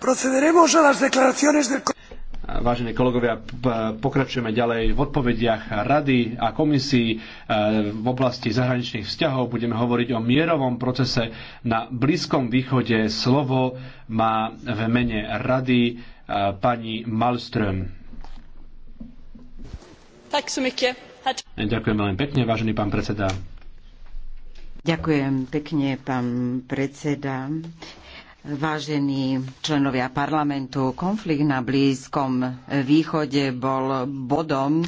Procederemos a las declaraciones del... Vážení kolegovia, pokračujeme ďalej v odpovediach Rady a komisii e, v oblasti zahraničných vzťahov. Budeme hovoriť o mierovom procese na Blízkom východe. Slovo má v mene Rady e, pani Malström. Ďakujem veľmi pekne, vážený pán predseda. Ďakujem pekne, pán predseda. Vážení členovia parlamentu, konflikt na Blízkom východe bol bodom,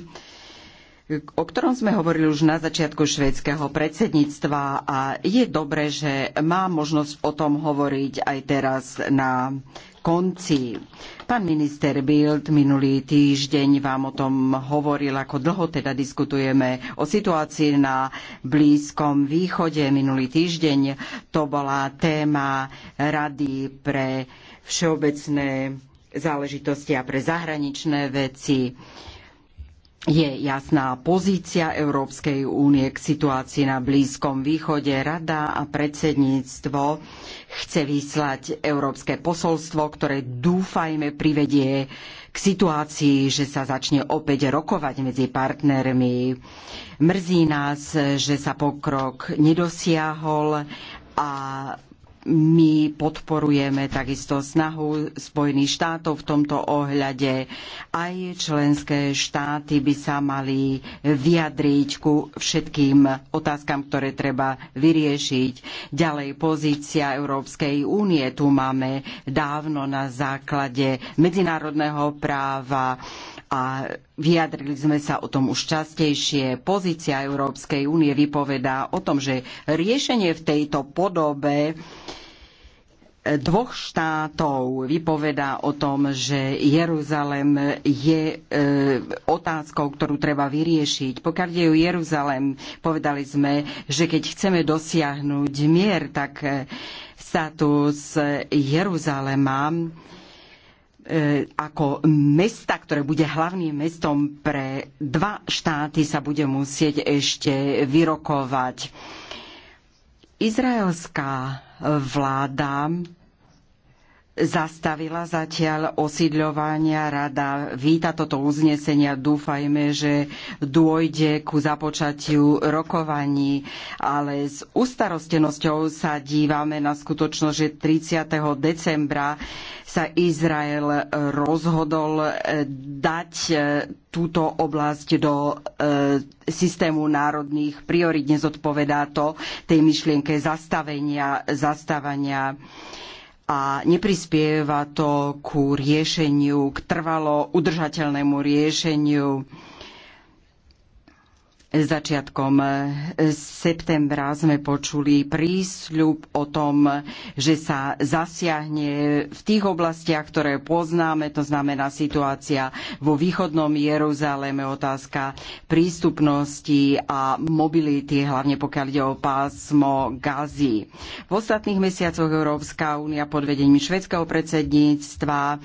o ktorom sme hovorili už na začiatku švédskeho predsedníctva a je dobré, že má možnosť o tom hovoriť aj teraz na konci. Pán minister Bild minulý týždeň vám o tom hovoril, ako dlho teda diskutujeme o situácii na Blízkom východe. Minulý týždeň to bola téma Rady pre všeobecné záležitosti a pre zahraničné veci je jasná pozícia Európskej únie k situácii na Blízkom východe. Rada a predsedníctvo chce vyslať európske posolstvo, ktoré dúfajme privedie k situácii, že sa začne opäť rokovať medzi partnermi. Mrzí nás, že sa pokrok nedosiahol a my podporujeme takisto snahu Spojených štátov v tomto ohľade. Aj členské štáty by sa mali vyjadriť ku všetkým otázkam, ktoré treba vyriešiť. Ďalej pozícia Európskej únie. Tu máme dávno na základe medzinárodného práva a vyjadrili sme sa o tom už častejšie. Pozícia Európskej únie vypovedá o tom, že riešenie v tejto podobe e, dvoch štátov vypovedá o tom, že Jeruzalem je e, otázkou, ktorú treba vyriešiť. Pokiaľ je o Jeruzalem, povedali sme, že keď chceme dosiahnuť mier, tak e, status Jeruzalema e, E, ako mesta, ktoré bude hlavným mestom pre dva štáty, sa bude musieť ešte vyrokovať. Izraelská vláda zastavila zatiaľ osídľovania rada. Víta toto uznesenie a dúfajme, že dôjde ku započatiu rokovaní, ale s ustarostenosťou sa dívame na skutočnosť, že 30. decembra sa Izrael rozhodol eh, dať eh, túto oblasť do eh, systému národných priorit. Nezodpovedá to tej myšlienke zastavenia, zastavania a neprispieva to ku riešeniu, k trvalo udržateľnému riešeniu Začiatkom septembra sme počuli prísľub o tom, že sa zasiahne v tých oblastiach, ktoré poznáme, to znamená situácia vo východnom Jeruzaléme, otázka prístupnosti a mobility, hlavne pokiaľ ide o pásmo Gazy. V ostatných mesiacoch Európska únia pod vedením švedského predsedníctva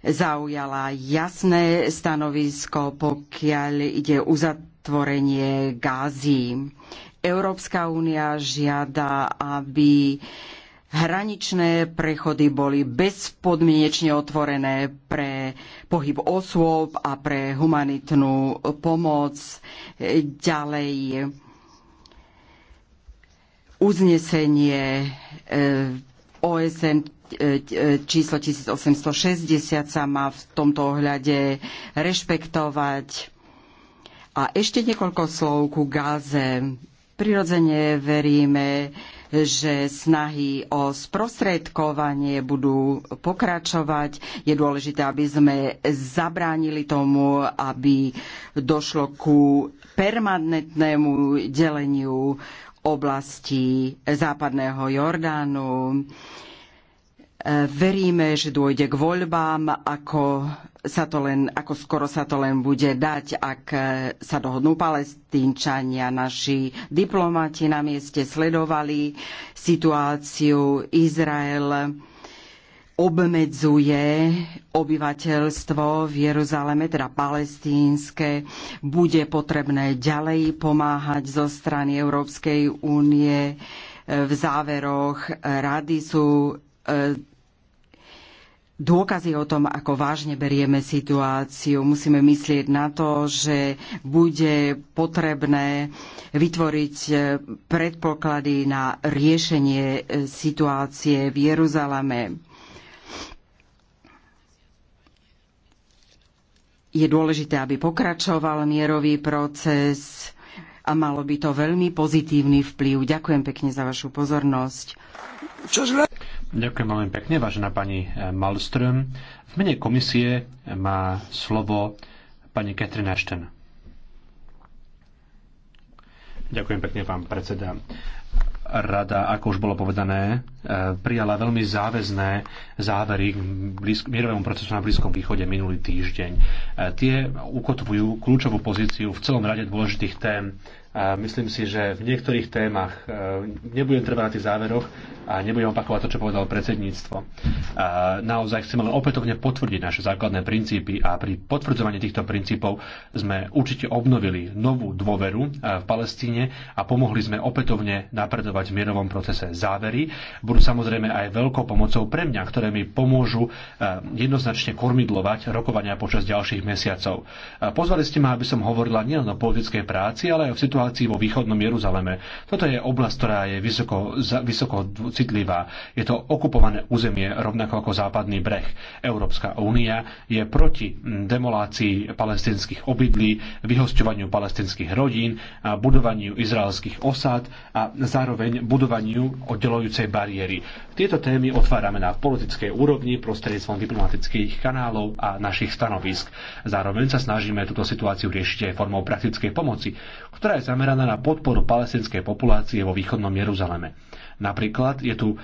zaujala jasné stanovisko, pokiaľ ide uzatvorenie zatvorenie Gázy. Európska únia žiada, aby hraničné prechody boli bezpodmienečne otvorené pre pohyb osôb a pre humanitnú pomoc. Ďalej uznesenie e, OSN e, číslo 1860 sa má v tomto ohľade rešpektovať a ešte niekoľko slov ku Gáze. Prirodzene veríme, že snahy o sprostredkovanie budú pokračovať. Je dôležité, aby sme zabránili tomu, aby došlo ku permanentnému deleniu oblasti západného Jordánu veríme, že dôjde k voľbám, ako, sa to len, ako skoro sa to len bude dať, ak e, sa dohodnú palestínčania. Naši diplomati na mieste sledovali situáciu Izrael obmedzuje obyvateľstvo v Jeruzaleme, teda palestínske, bude potrebné ďalej pomáhať zo strany Európskej únie. E, v záveroch e, rady sú dôkazy o tom, ako vážne berieme situáciu. Musíme myslieť na to, že bude potrebné vytvoriť predpoklady na riešenie situácie v Jeruzaleme. Je dôležité, aby pokračoval mierový proces a malo by to veľmi pozitívny vplyv. Ďakujem pekne za vašu pozornosť. Ďakujem veľmi pekne, vážená pani eh, Malström. V mene komisie eh, má slovo pani Catherine Ashton. Ďakujem pekne, pán predseda rada, ako už bolo povedané, eh, prijala veľmi záväzné závery k blízk- mierovému procesu na Blízkom východe minulý týždeň. Tie ukotvujú kľúčovú pozíciu v celom rade dôležitých tém Myslím si, že v niektorých témach e, nebudem trvať na tých záveroch a nebudem opakovať to, čo povedal predsedníctvo. E, naozaj chcem len opätovne potvrdiť naše základné princípy a pri potvrdzovaní týchto princípov sme určite obnovili novú dôveru e, v Palestíne a pomohli sme opätovne napredovať v mierovom procese. Závery budú samozrejme aj veľkou pomocou pre mňa, ktoré mi pomôžu jednoznačne kormidlovať rokovania počas ďalších mesiacov. Pozvali ste ma, aby som hovorila nielen o politickej práci, ale aj o situácii paláci vo východnom Jeruzaleme. Toto je oblasť, ktorá je vysoko, vysoko citlivá. Je to okupované územie, rovnako ako západný breh. Európska únia je proti demolácii palestinských obydlí, vyhosťovaniu palestinských rodín, a budovaniu izraelských osád a zároveň budovaniu oddelujúcej bariéry. Tieto témy otvárame na politickej úrovni prostredníctvom diplomatických kanálov a našich stanovisk. Zároveň sa snažíme túto situáciu riešiť aj formou praktickej pomoci, ktorá je zameraná na podporu palestinskej populácie vo východnom Jeruzaleme. Napríklad je tu e,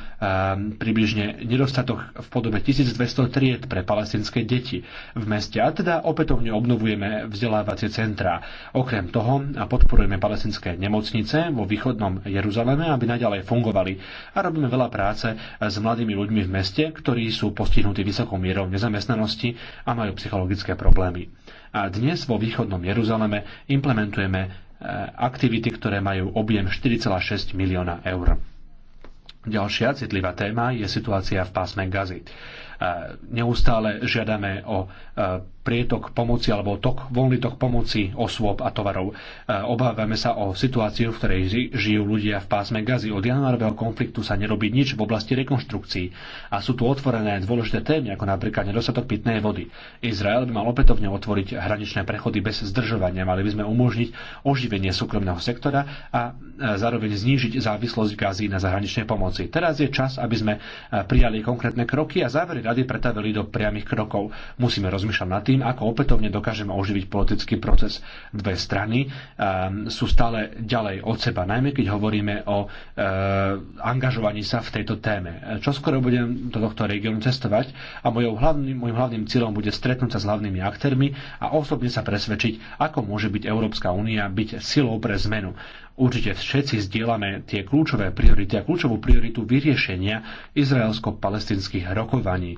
približne nedostatok v podobe 1200 tried pre palestinské deti v meste a teda opätovne obnovujeme vzdelávacie centrá. Okrem toho podporujeme palestinské nemocnice vo východnom Jeruzaleme, aby naďalej fungovali a robíme veľa práce s mladými ľuďmi v meste, ktorí sú postihnutí vysokou mierou nezamestnanosti a majú psychologické problémy. A dnes vo východnom Jeruzaleme implementujeme Eh, aktivity, ktoré majú objem 4,6 milióna eur. Ďalšia citlivá téma je situácia v pásme Gazy. E, neustále žiadame o e, prietok pomoci alebo tok, voľný tok pomoci osôb a tovarov. E, obávame sa o situáciu, v ktorej žijú ľudia v pásme Gazy. Od januárového konfliktu sa nerobí nič v oblasti rekonštrukcií a sú tu otvorené dôležité témy, ako napríklad nedostatok pitnej vody. Izrael by mal opätovne otvoriť hraničné prechody bez zdržovania. Mali by sme umožniť oživenie súkromného sektora a zároveň znížiť závislosť Gazy na zahraničnej pomoci. Teraz je čas, aby sme prijali konkrétne kroky a závery rady pretavili do priamých krokov. Musíme rozmýšľať nad tým, ako opätovne dokážeme oživiť politický proces. Dve strany ehm, sú stále ďalej od seba, najmä keď hovoríme o ehm, angažovaní sa v tejto téme. čo skoro budem do tohto regiónu cestovať a mojou hlavným, môjim hlavným cieľom bude stretnúť sa s hlavnými aktérmi a osobne sa presvedčiť, ako môže byť Európska únia byť silou pre zmenu. Určite všetci zdieľame tie kľúčové priority a kľúčovú prioritu vyriešenia izraelsko-palestinských rokovaní.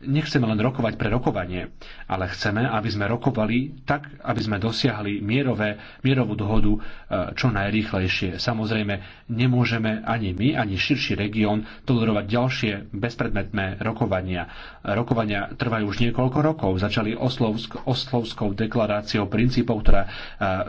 Nechceme len rokovať pre rokovanie, ale chceme, aby sme rokovali tak, aby sme dosiahli mierové, mierovú dohodu e, čo najrýchlejšie. Samozrejme, nemôžeme ani my, ani širší región tolerovať ďalšie bezpredmetné rokovania Rokovania trvajú už niekoľko rokov. Začali Oslovsk, Oslovskou deklaráciou princípov, ktorá e,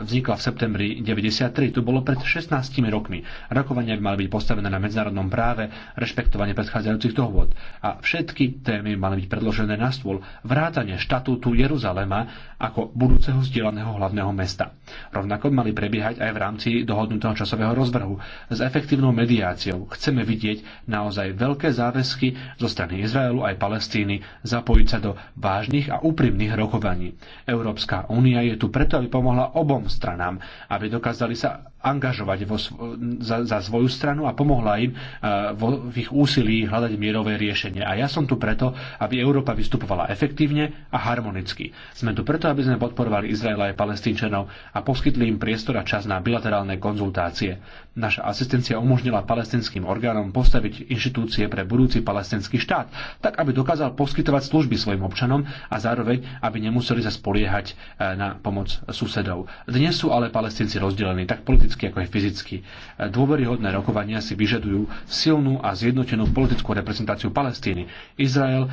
vznikla v septembri 1993. To bolo pred 16 rokmi. Rokovania by mali byť postavené na medzinárodnom práve, rešpektovanie predchádzajúcich dohôd. A všetky témy mali byť predložené na stôl, vrátane štatútu Jeruzalema ako budúceho vzdielaného hlavného mesta. Rovnako mali prebiehať aj v rámci dohodnutého časového rozvrhu s efektívnou mediáciou. Chceme vidieť naozaj veľké záväzky zo strany Izraelu aj Palestíny zapojiť sa do vážnych a úprimných rokovaní. Európska únia je tu preto, aby pomohla obom stranám, aby dokázali sa angažovať vo, za, za svoju stranu a pomohla im eh, vo, v ich úsilí hľadať mierové riešenie. A ja som tu preto, aby Európa vystupovala efektívne a harmonicky. Sme tu preto, aby sme podporovali Izraela aj palestínčanov a poskytli im priestor a čas na bilaterálne konzultácie. Naša asistencia umožnila palestinským orgánom postaviť inštitúcie pre budúci palestinský štát, tak aby dokázal poskytovať služby svojim občanom a zároveň, aby nemuseli sa spoliehať e, na pomoc susedov. Dnes sú ale palestinci rozdelení, tak politicky ako aj fyzicky. E, dôveryhodné rokovania si vyžadujú silnú a zjednotenú politickú reprezentáciu Palestíny. Izrael e,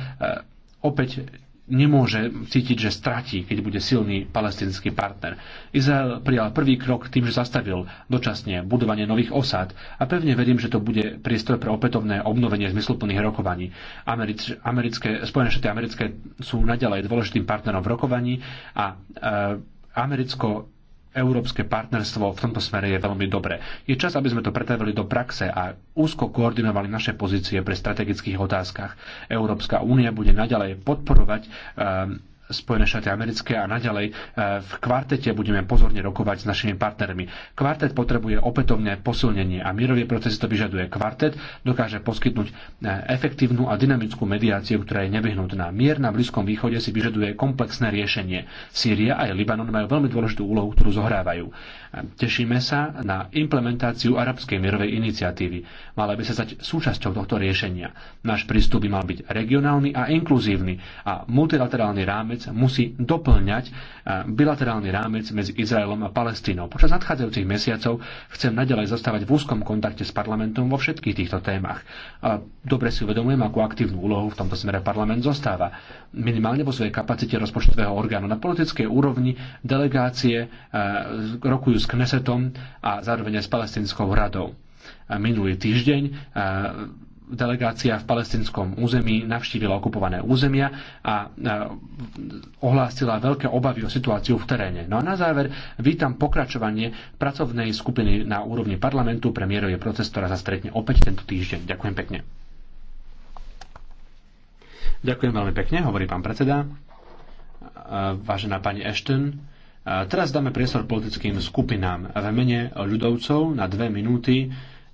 opäť nemôže cítiť, že stratí, keď bude silný palestinský partner. Izrael prijal prvý krok tým, že zastavil dočasne budovanie nových osád a pevne verím, že to bude priestor pre opätovné obnovenie zmysluplných rokovaní. Americ, americké, Spojené štáty americké sú naďalej dôležitým partnerom v rokovaní a e, americko európske partnerstvo v tomto smere je veľmi dobré. Je čas, aby sme to pretavili do praxe a úzko koordinovali naše pozície pre strategických otázkach. Európska únia bude naďalej podporovať um, Spojené štáty americké a naďalej e, v kvartete budeme pozorne rokovať s našimi partnermi. Kvartet potrebuje opätovné posilnenie a mierový proces to vyžaduje. Kvartet dokáže poskytnúť e, efektívnu a dynamickú mediáciu, ktorá je nevyhnutná. Mier na Blízkom východe si vyžaduje komplexné riešenie. Sýria aj Libanon majú veľmi dôležitú úlohu, ktorú zohrávajú. Tešíme sa na implementáciu arabskej mierovej iniciatívy. Mala by sa stať súčasťou tohto riešenia. Náš prístup by mal byť regionálny a inkluzívny a multilaterálny rámec musí doplňať e, bilaterálny rámec medzi Izraelom a Palestínou. Počas nadchádzajúcich mesiacov chcem nadalej zostávať v úzkom kontakte s parlamentom vo všetkých týchto témach. A dobre si uvedomujem, akú aktívnu úlohu v tomto smere parlament zostáva. Minimálne vo svojej kapacite rozpočtového orgánu na politickej úrovni delegácie e, rokujú s Knesetom a zároveň aj s Palestinskou radou. Minulý týždeň e, delegácia v palestinskom území navštívila okupované územia a e, ohlásila veľké obavy o situáciu v teréne. No a na záver vítam pokračovanie pracovnej skupiny na úrovni parlamentu pre mierový proces, ktorá sa stretne opäť tento týždeň. Ďakujem pekne. Ďakujem veľmi pekne, hovorí pán predseda. E, vážená pani Ashton, Teraz dáme priestor politickým skupinám. V mene ľudovcov na dve minúty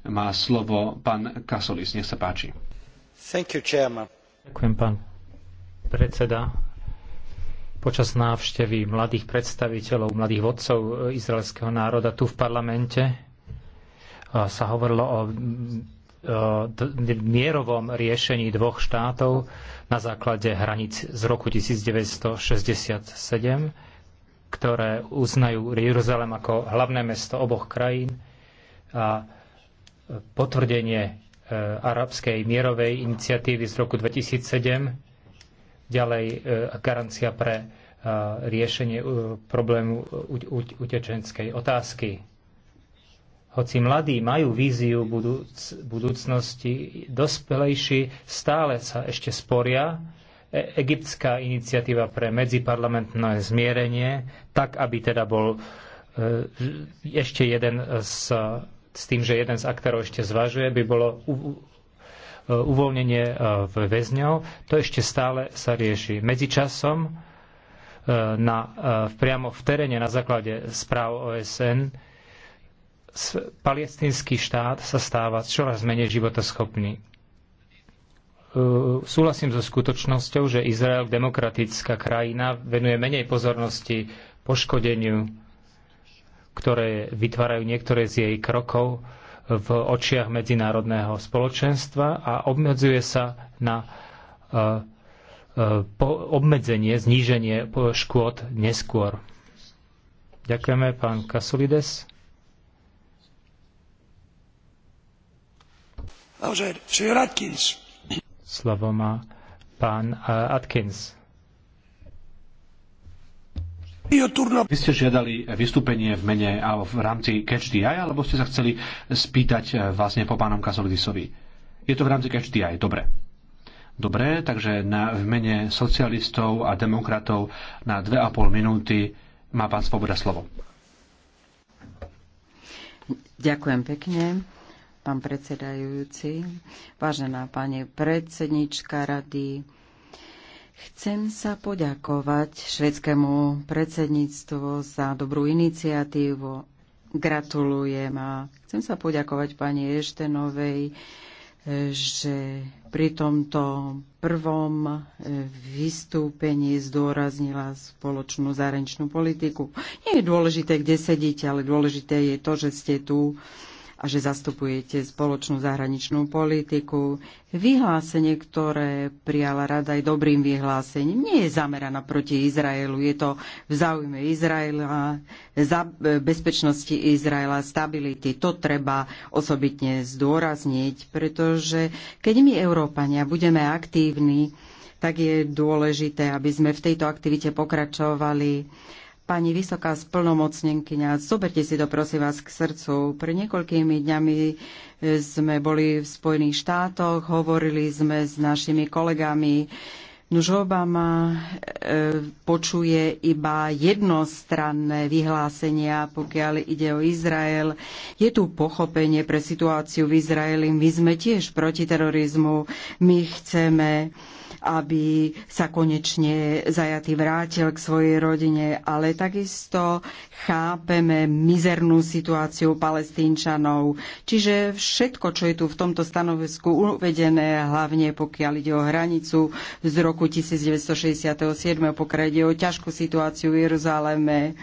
má slovo pán Kasolis. Nech sa páči. Thank you, chairman. Ďakujem, pán predseda. Počas návštevy mladých predstaviteľov, mladých vodcov e, izraelského národa tu v parlamente e, sa hovorilo o e, mierovom riešení dvoch štátov na základe hraníc z roku 1967 ktoré uznajú Jeruzalem ako hlavné mesto oboch krajín a potvrdenie e, arabskej mierovej iniciatívy z roku 2007, ďalej e, garancia pre e, riešenie problému utečenskej otázky. Hoci mladí majú víziu budúc, budúcnosti, dospelejší stále sa ešte sporia E, egyptská iniciatíva pre medziparlamentné zmierenie, tak aby teda bol e, ešte jeden z, s tým, že jeden z aktérov ešte zvažuje, by bolo u, e, uvoľnenie väzňov. To ešte stále sa rieši. Medzičasom na, priamo v teréne na základe správ OSN palestinský štát sa stáva čoraz menej životoschopný E, súhlasím so skutočnosťou, že Izrael, demokratická krajina, venuje menej pozornosti poškodeniu, ktoré vytvárajú niektoré z jej krokov v očiach medzinárodného spoločenstva a obmedzuje sa na e, e, obmedzenie, zníženie škôd neskôr. Ďakujeme, pán Kasulides. Vamos a Slovo má pán eh, Atkins. Vy ste žiadali vystúpenie v mene alebo v rámci Catch Eye, alebo ste sa chceli spýtať eh, vlastne po pánom Kasolidisovi? Je to v rámci Catch Eye, dobre. Dobre, takže na, v mene socialistov a demokratov na 2,5 minúty má pán Svoboda slovo. Ďakujem pekne pán predsedajúci, vážená pani predsednička rady, Chcem sa poďakovať švedskému predsedníctvu za dobrú iniciatívu. Gratulujem a chcem sa poďakovať pani Eštenovej, že pri tomto prvom vystúpení zdôraznila spoločnú zahraničnú politiku. Nie je dôležité, kde sedíte, ale dôležité je to, že ste tu a že zastupujete spoločnú zahraničnú politiku. Vyhlásenie, ktoré prijala rada aj dobrým vyhlásením, nie je zameraná proti Izraelu. Je to v záujme Izraela, za bezpečnosti Izraela, stability. To treba osobitne zdôrazniť, pretože keď my, Európania, budeme aktívni, tak je dôležité, aby sme v tejto aktivite pokračovali Pani vysoká splnomocnenkyňa, zoberte si to prosím vás k srdcu. Pre niekoľkými dňami e, sme boli v Spojených štátoch, hovorili sme s našimi kolegami. Nuž Obama e, počuje iba jednostranné vyhlásenia, pokiaľ ide o Izrael. Je tu pochopenie pre situáciu v Izraeli. My sme tiež proti terorizmu. My chceme e, aby sa konečne zajatý vrátil k svojej rodine, ale takisto chápeme mizernú situáciu palestínčanov. Čiže všetko, čo je tu v tomto stanovisku uvedené, hlavne pokiaľ ide o hranicu z roku 1967, pokiaľ ide o ťažkú situáciu v Jeruzaleme,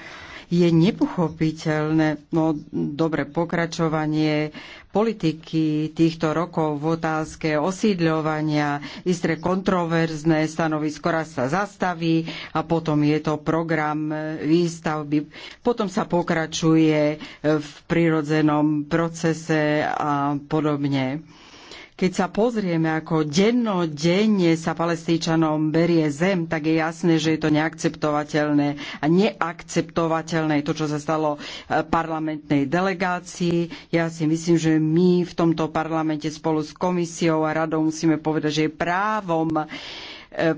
je nepochopiteľné, no dobre pokračovanie politiky týchto rokov v otázke osídľovania, isté kontroverzné stanovisko raz sa zastaví a potom je to program výstavby. Potom sa pokračuje v prirodzenom procese a podobne. Keď sa pozrieme, ako dennodenne sa palestínčanom berie zem, tak je jasné, že je to neakceptovateľné a neakceptovateľné to, čo sa stalo e, parlamentnej delegácii. Ja si myslím, že my v tomto parlamente spolu s komisiou a radou musíme povedať, že je právom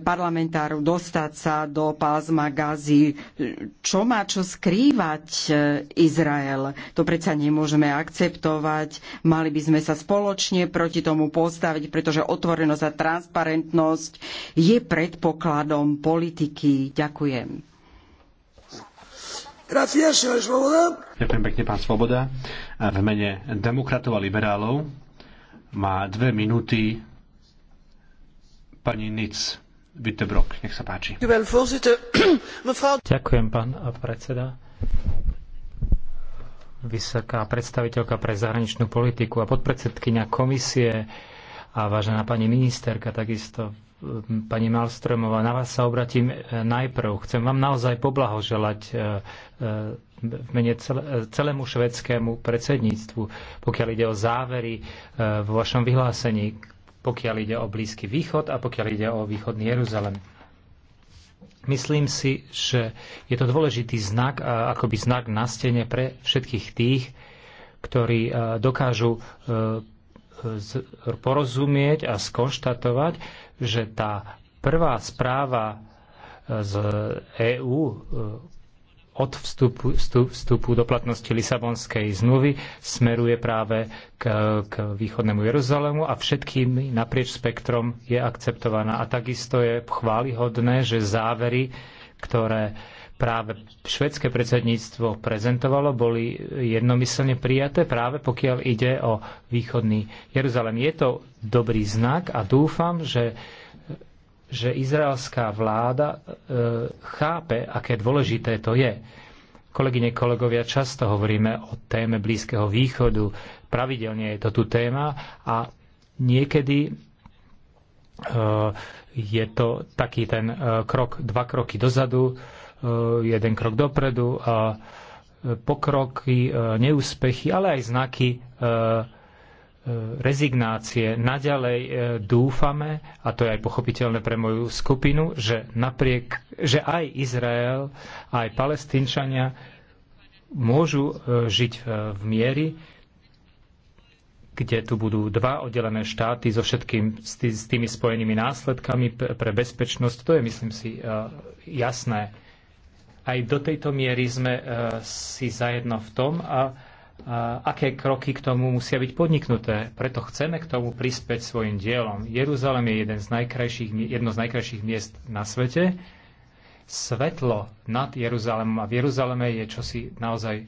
parlamentárov dostať sa do pásma Gazy. Čo má čo skrývať e, Izrael? To predsa nemôžeme akceptovať. Mali by sme sa spoločne proti tomu postaviť, pretože otvorenosť a transparentnosť je predpokladom politiky. Ďakujem. Ďakujem pekne, pán Svoboda. V mene demokratov a liberálov má dve minúty pani Nic nech sa páči. Ďakujem, pán predseda. Vysoká predstaviteľka pre zahraničnú politiku a podpredsedkynia komisie a vážená pani ministerka takisto pani Malstromová, na vás sa obratím e, najprv. Chcem vám naozaj poblahoželať e, e, v mene celému švedskému predsedníctvu, pokiaľ ide o závery vo vašom vyhlásení, pokiaľ ide o Blízky východ a pokiaľ ide o východný Jeruzalem. Myslím si, že je to dôležitý znak, akoby znak na stene pre všetkých tých, ktorí e, dokážu e, porozumieť a skonštatovať, že tá prvá správa e, z EÚ od vstupu, vstupu do platnosti Lisabonskej zmluvy smeruje práve k, k východnému Jeruzalému a všetkým naprieč spektrom je akceptovaná. A takisto je chválihodné, že závery, ktoré práve švedské predsedníctvo prezentovalo, boli jednomyselne prijaté práve pokiaľ ide o východný Jeruzalém. Je to dobrý znak a dúfam, že že izraelská vláda e, chápe, aké dôležité to je. Kolegyne, kolegovia, často hovoríme o téme Blízkeho východu, pravidelne je to tu téma a niekedy e, je to taký ten e, krok, dva kroky dozadu, jeden krok dopredu a pokroky, neúspechy, ale aj znaky rezignácie. Naďalej e, dúfame, a to je aj pochopiteľné pre moju skupinu, že, napriek, že aj Izrael, aj palestínčania môžu e, žiť e, v miery, kde tu budú dva oddelené štáty so všetkým, s tými spojenými následkami pre bezpečnosť. To je, myslím si, jasné. Aj do tejto miery sme si zajedno v tom a aké kroky k tomu musia byť podniknuté. Preto chceme k tomu prispäť svojim dielom. Jeruzalem je jeden z najkrajších, jedno z najkrajších miest na svete. Svetlo nad Jeruzalemom a v Jeruzaleme je čosi naozaj e,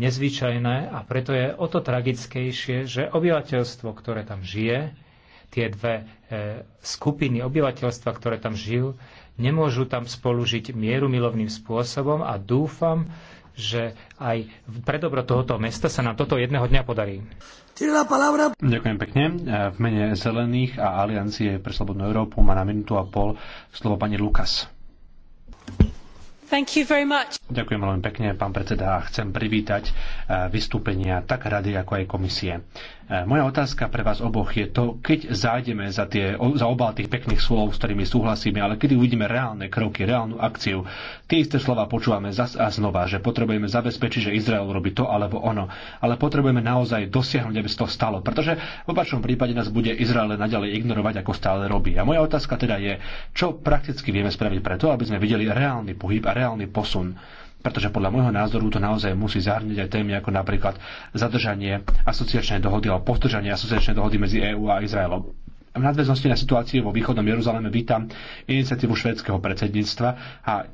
nezvyčajné a preto je o to tragickejšie, že obyvateľstvo, ktoré tam žije, tie dve e, skupiny obyvateľstva, ktoré tam žijú, nemôžu tam spolužiť mierumilovným spôsobom a dúfam, že aj pre dobro tohoto mesta sa nám toto jedného dňa podarí. Ďakujem pekne. E, v mene Zelených a Aliancie pre Slobodnú Európu má na minútu a pol slovo pani Lukas. Ďakujem veľmi pekne, pán predseda, a chcem privítať e, vystúpenia tak rady, ako aj komisie. Moja otázka pre vás oboch je to, keď zájdeme za, tie, za obal tých pekných slov, s ktorými súhlasíme, ale kedy uvidíme reálne kroky, reálnu akciu. Tie isté slova počúvame zas a znova, že potrebujeme zabezpečiť, že Izrael robí to alebo ono, ale potrebujeme naozaj dosiahnuť, aby sa to stalo, pretože v opačnom prípade nás bude Izrael naďalej ignorovať, ako stále robí. A moja otázka teda je, čo prakticky vieme spraviť preto, aby sme videli reálny pohyb a reálny posun pretože podľa môjho názoru to naozaj musí zahrniť aj témy ako napríklad zadržanie asociačnej dohody alebo postržanie asociačnej dohody medzi EÚ a Izraelom. V nadväznosti na situáciu vo východnom Jeruzaleme vítam iniciatívu švedského predsedníctva a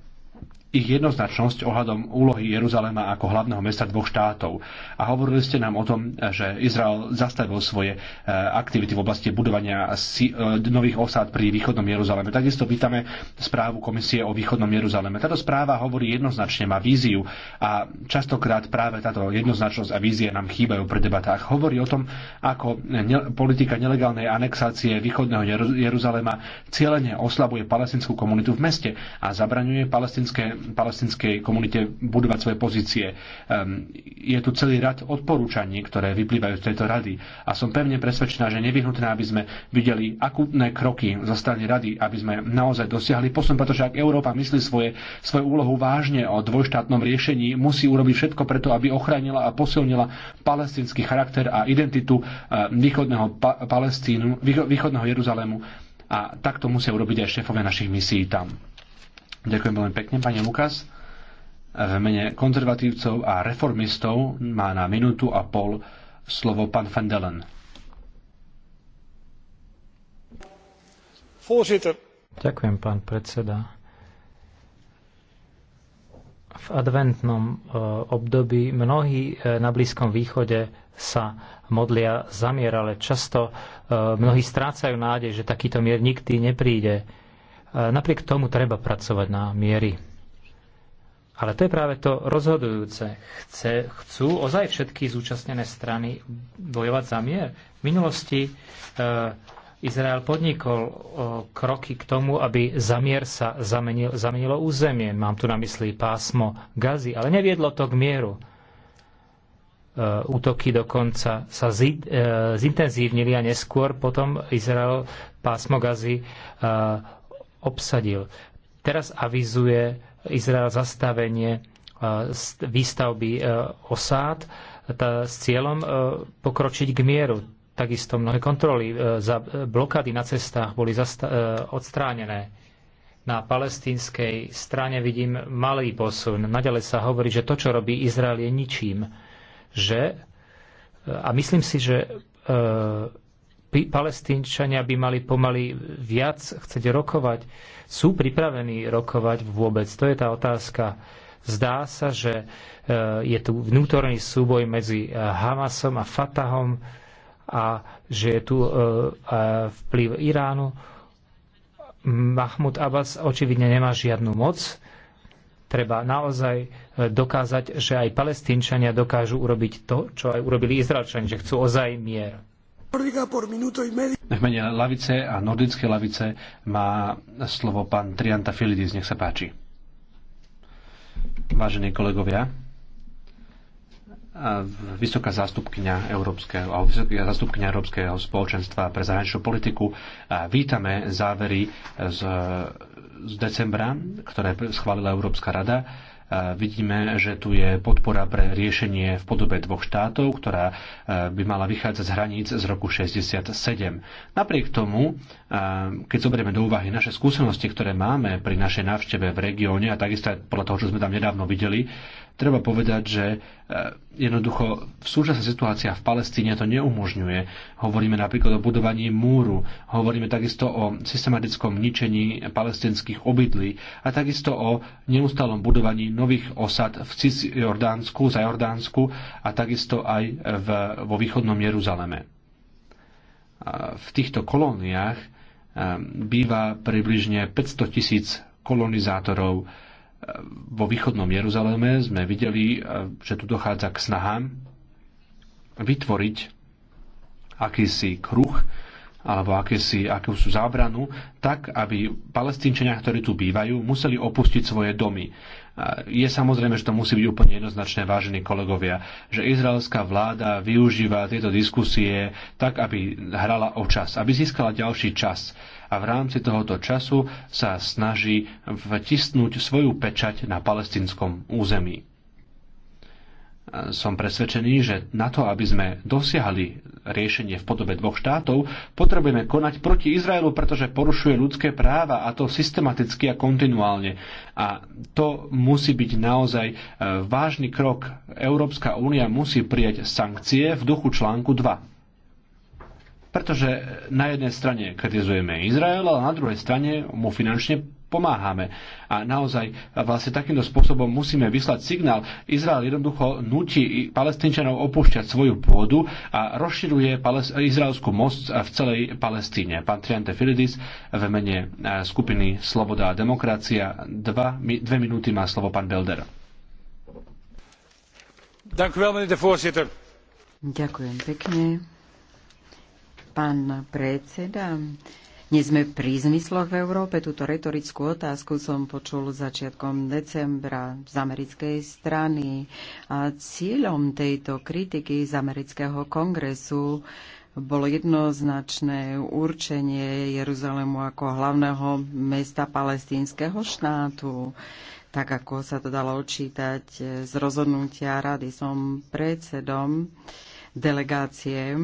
ich jednoznačnosť ohľadom úlohy Jeruzalema ako hlavného mesta dvoch štátov. A hovorili ste nám o tom, že Izrael zastavil svoje e, aktivity v oblasti budovania e, nových osád pri východnom Jeruzaleme. Takisto vítame správu Komisie o východnom Jeruzaleme. Táto správa hovorí jednoznačne, má víziu a častokrát práve táto jednoznačnosť a vízie nám chýbajú pri debatách. Hovorí o tom, ako politika nelegálnej anexácie východného Jeruzalema cieľene oslabuje palestinskú komunitu v meste a zabraňuje palestinské palestinskej komunite budovať svoje pozície. Ehm, je tu celý rad odporúčaní, ktoré vyplývajú z tejto rady a som pevne presvedčená, že nevyhnutné, aby sme videli akútne kroky zo strany rady, aby sme naozaj dosiahli posun, pretože ak Európa myslí svoje, svoju úlohu vážne o dvojštátnom riešení, musí urobiť všetko preto, aby ochránila a posilnila palestinský charakter a identitu ehm, východného Palestínu, východného Jeruzalému a takto musia urobiť aj šéfovia našich misií tam. Ďakujem veľmi pekne, pani Lukas. V mene konzervatívcov a reformistov má na minútu a pol slovo pán van Delen. Ďakujem, pán predseda. V adventnom e, období mnohí e, na Blízkom východe sa modlia zamier, ale často e, mnohí strácajú nádej, že takýto mier nikdy nepríde E, napriek tomu treba pracovať na miery. Ale to je práve to rozhodujúce. Chce, chcú ozaj všetky zúčastnené strany bojovať za mier? V minulosti e, Izrael podnikol e, kroky k tomu, aby za mier sa zamenil, zamenilo územie. Mám tu na mysli pásmo Gazy, ale neviedlo to k mieru. E, útoky dokonca sa zi, e, zintenzívnili a neskôr potom Izrael pásmo Gazy e, obsadil. Teraz avizuje Izrael zastavenie e, výstavby e, osád s cieľom e, pokročiť k mieru. Takisto mnohé kontroly za blokády na cestách boli odstránené. Na palestínskej strane vidím malý posun. Naďalej sa hovorí, že to, čo robí Izrael, je ničím. Že, a myslím si, že palestínčania by mali pomaly viac chcieť rokovať. Sú pripravení rokovať vôbec? To je tá otázka. Zdá sa, že e, je tu vnútorný súboj medzi e, Hamasom a Fatahom a že je tu e, vplyv Iránu. Mahmud Abbas očividne nemá žiadnu moc. Treba naozaj dokázať, že aj palestínčania dokážu urobiť to, čo aj urobili Izraelčania, že chcú ozaj mier. V mene lavice a nordické lavice má slovo pán Trianta Filidis. Nech sa páči. Vážení kolegovia, vysoká zástupkynia Európskeho, vysoká zástupkynia Európskeho spoločenstva pre zahraničnú politiku. Vítame závery z, z decembra, ktoré schválila Európska rada Vidíme, že tu je podpora pre riešenie v podobe dvoch štátov, ktorá e, by mala vychádzať z hraníc z roku 67. Napriek tomu, e, keď zoberieme do úvahy naše skúsenosti, ktoré máme pri našej návšteve v regióne a takisto podľa toho, čo sme tam nedávno videli, Treba povedať, že eh, jednoducho v súčasná situácia v Palestíne to neumožňuje. Hovoríme napríklad o budovaní múru, hovoríme takisto o systematickom ničení palestinských obydlí a takisto o neustálom budovaní nových osad v Cisjordánsku, za Jordánsku a takisto aj v, vo východnom Jeruzaleme. V týchto kolóniách eh, býva približne 500 tisíc kolonizátorov, vo východnom Jeruzaleme sme videli, e, že tu dochádza k snahám vytvoriť akýsi kruh alebo akési, akúsi zábranu, tak aby palestínčania, ktorí tu bývajú, museli opustiť svoje domy. Je samozrejme, že to musí byť úplne jednoznačné, vážení kolegovia, že izraelská vláda využíva tieto diskusie tak, aby hrala o čas, aby získala ďalší čas a v rámci tohoto času sa snaží vtisnúť svoju pečať na palestinskom území som presvedčený, že na to, aby sme dosiahli riešenie v podobe dvoch štátov, potrebujeme konať proti Izraelu, pretože porušuje ľudské práva a to systematicky a kontinuálne. A to musí byť naozaj e, vážny krok. Európska únia musí prijať sankcie v duchu článku 2. Pretože na jednej strane kritizujeme Izrael, ale na druhej strane mu finančne pomáhame. A naozaj vlastne takýmto spôsobom musíme vyslať signál. Izrael jednoducho nutí palestínčanov opúšťať svoju pôdu a rozširuje izraelskú moc v celej Palestíne. Pán Triante Filidis v mene e, skupiny Sloboda a demokracia. Dva, dve minúty má slovo pán Belder. Ďakujem pekne. Pán predseda, nie sme pri zmysloch v Európe. Túto retorickú otázku som počul začiatkom decembra z americkej strany. A cieľom tejto kritiky z amerického kongresu bolo jednoznačné určenie Jeruzalému ako hlavného mesta palestínskeho štátu. Tak ako sa to dalo odčítať z rozhodnutia rady, som predsedom delegácie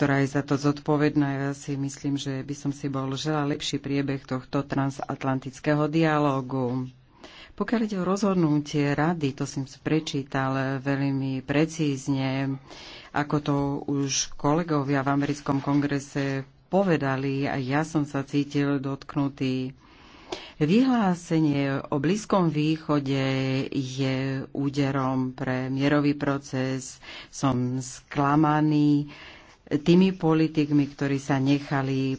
ktorá je za to zodpovedná. Ja si myslím, že by som si bol žela lepší priebeh tohto transatlantického dialógu. Pokiaľ ide o rozhodnutie rady, to som si prečítal veľmi precízne, ako to už kolegovia v americkom kongrese povedali a ja som sa cítil dotknutý. Vyhlásenie o Blízkom východe je úderom pre mierový proces. Som sklamaný, tými politikmi, ktorí sa nechali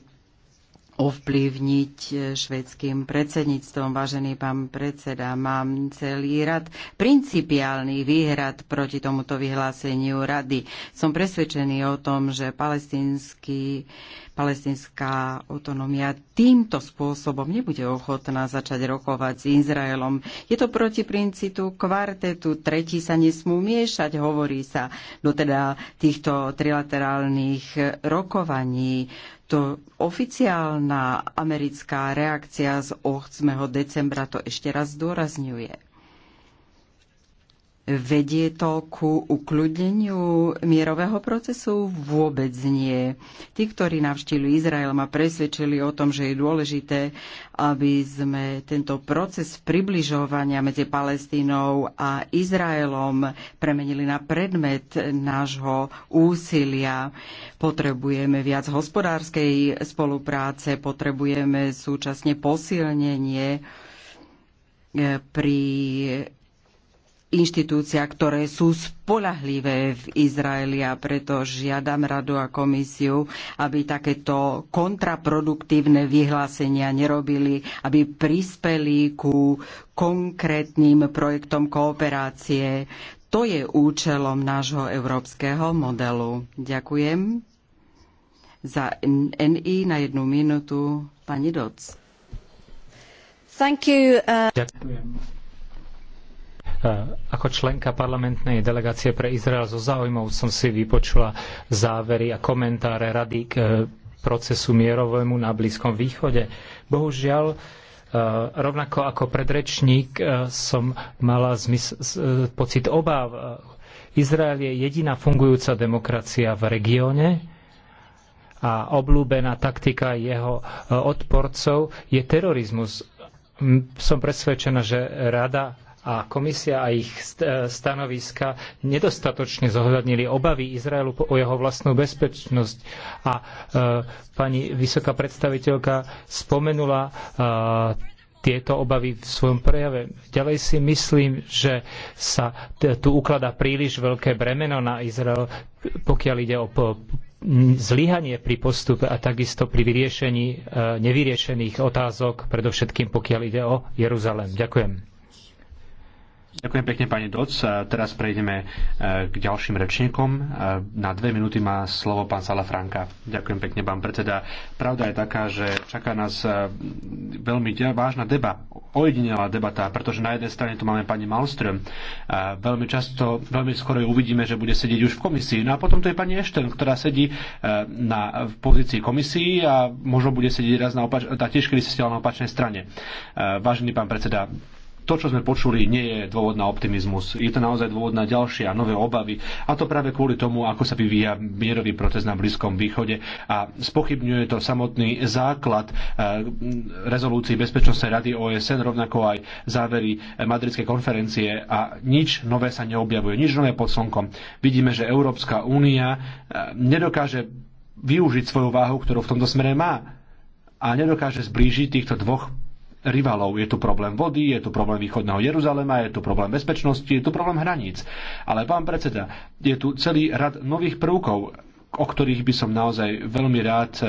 ovplyvniť eh, švedským predsedníctvom. Vážený pán predseda, mám celý rad principiálny výhrad proti tomuto vyhláseniu rady. Som presvedčený o tom, že palestinský palestinská autonómia týmto spôsobom nebude ochotná začať rokovať s Izraelom. Je to proti princípu kvartetu, tretí sa nesmú miešať, hovorí sa do teda týchto trilaterálnych rokovaní to oficiálna americká reakcia z 8. decembra to ešte raz zdôrazňuje. Vedie to ku ukľudneniu mierového procesu? Vôbec nie. Tí, ktorí navštívili Izrael, ma presvedčili o tom, že je dôležité, aby sme tento proces približovania medzi Palestínou a Izraelom premenili na predmet nášho úsilia. Potrebujeme viac hospodárskej spolupráce, potrebujeme súčasne posilnenie pri inštitúcia, ktoré sú spolahlivé v Izraeli a preto žiadam radu a komisiu, aby takéto kontraproduktívne vyhlásenia nerobili, aby prispeli ku konkrétnym projektom kooperácie. To je účelom nášho európskeho modelu. Ďakujem. Za NI na jednu minútu pani Doc. Thank you, uh... Ďakujem. E, ako členka parlamentnej delegácie pre Izrael so záujmov som si vypočula závery a komentáre rady k e, procesu mierovému na Blízkom východe. Bohužiaľ, e, rovnako ako predrečník som mala pocit obáv. Izrael je jediná fungujúca demokracia v regióne a oblúbená taktika jeho odporcov je terorizmus. Som presvedčená, že rada a komisia a ich e, stanoviska nedostatočne zohľadnili obavy Izraelu o jeho vlastnú bezpečnosť. A e, pani vysoká predstaviteľka spomenula e, tieto obavy v svojom prejave. Ďalej si myslím, že sa tu ukladá príliš veľké bremeno na Izrael, pokiaľ ide o zlyhanie pri postupe a takisto pri vyriešení e, nevyriešených otázok, predovšetkým pokiaľ ide o Jeruzalém. Ďakujem. Ďakujem pekne, pani Doc. Teraz prejdeme e, k ďalším rečníkom. E, na dve minúty má slovo pán Sala Franka. Ďakujem pekne, pán predseda. Pravda je taká, že čaká nás e, veľmi vážna deba, ojedinelá debata, pretože na jednej strane tu máme pani Malström. Veľmi často, veľmi skoro ju uvidíme, že bude sedieť už v komisii. No a potom tu je pani Ešten, ktorá sedí na, v pozícii komisii a možno bude sedieť raz na, opač- tiež, kedy si na opačnej strane. Vážený pán predseda, to, čo sme počuli, nie je dôvod na optimizmus. Je to naozaj dôvod na ďalšie a nové obavy. A to práve kvôli tomu, ako sa vyvíja mierový proces na Blízkom východe. A spochybňuje to samotný základ eh, rezolúcií Bezpečnostnej rady OSN, rovnako aj závery Madridskej konferencie. A nič nové sa neobjavuje, nič nové pod slnkom. Vidíme, že Európska únia eh, nedokáže využiť svoju váhu, ktorú v tomto smere má a nedokáže zblížiť týchto dvoch rivalov. Je tu problém vody, je tu problém východného Jeruzalema, je tu problém bezpečnosti, je tu problém hraníc. Ale pán predseda, je tu celý rad nových prvkov, o ktorých by som naozaj veľmi rád e,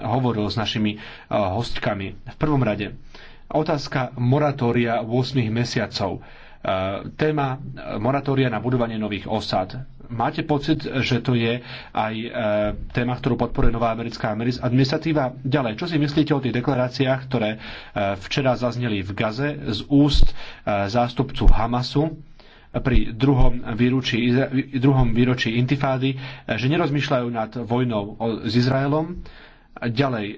hovoril s našimi e, hostkami. V prvom rade otázka moratória 8 mesiacov. E, téma moratória na budovanie nových osad Máte pocit, že to je aj e, téma, ktorú podporuje nová americká administratíva? Ďalej, čo si myslíte o tých deklaráciách, ktoré e, včera zazneli v Gaze z úst e, zástupcu Hamasu, pri druhom, výročí, druhom výročí intifády, že nerozmýšľajú nad vojnou s Izraelom. Ďalej,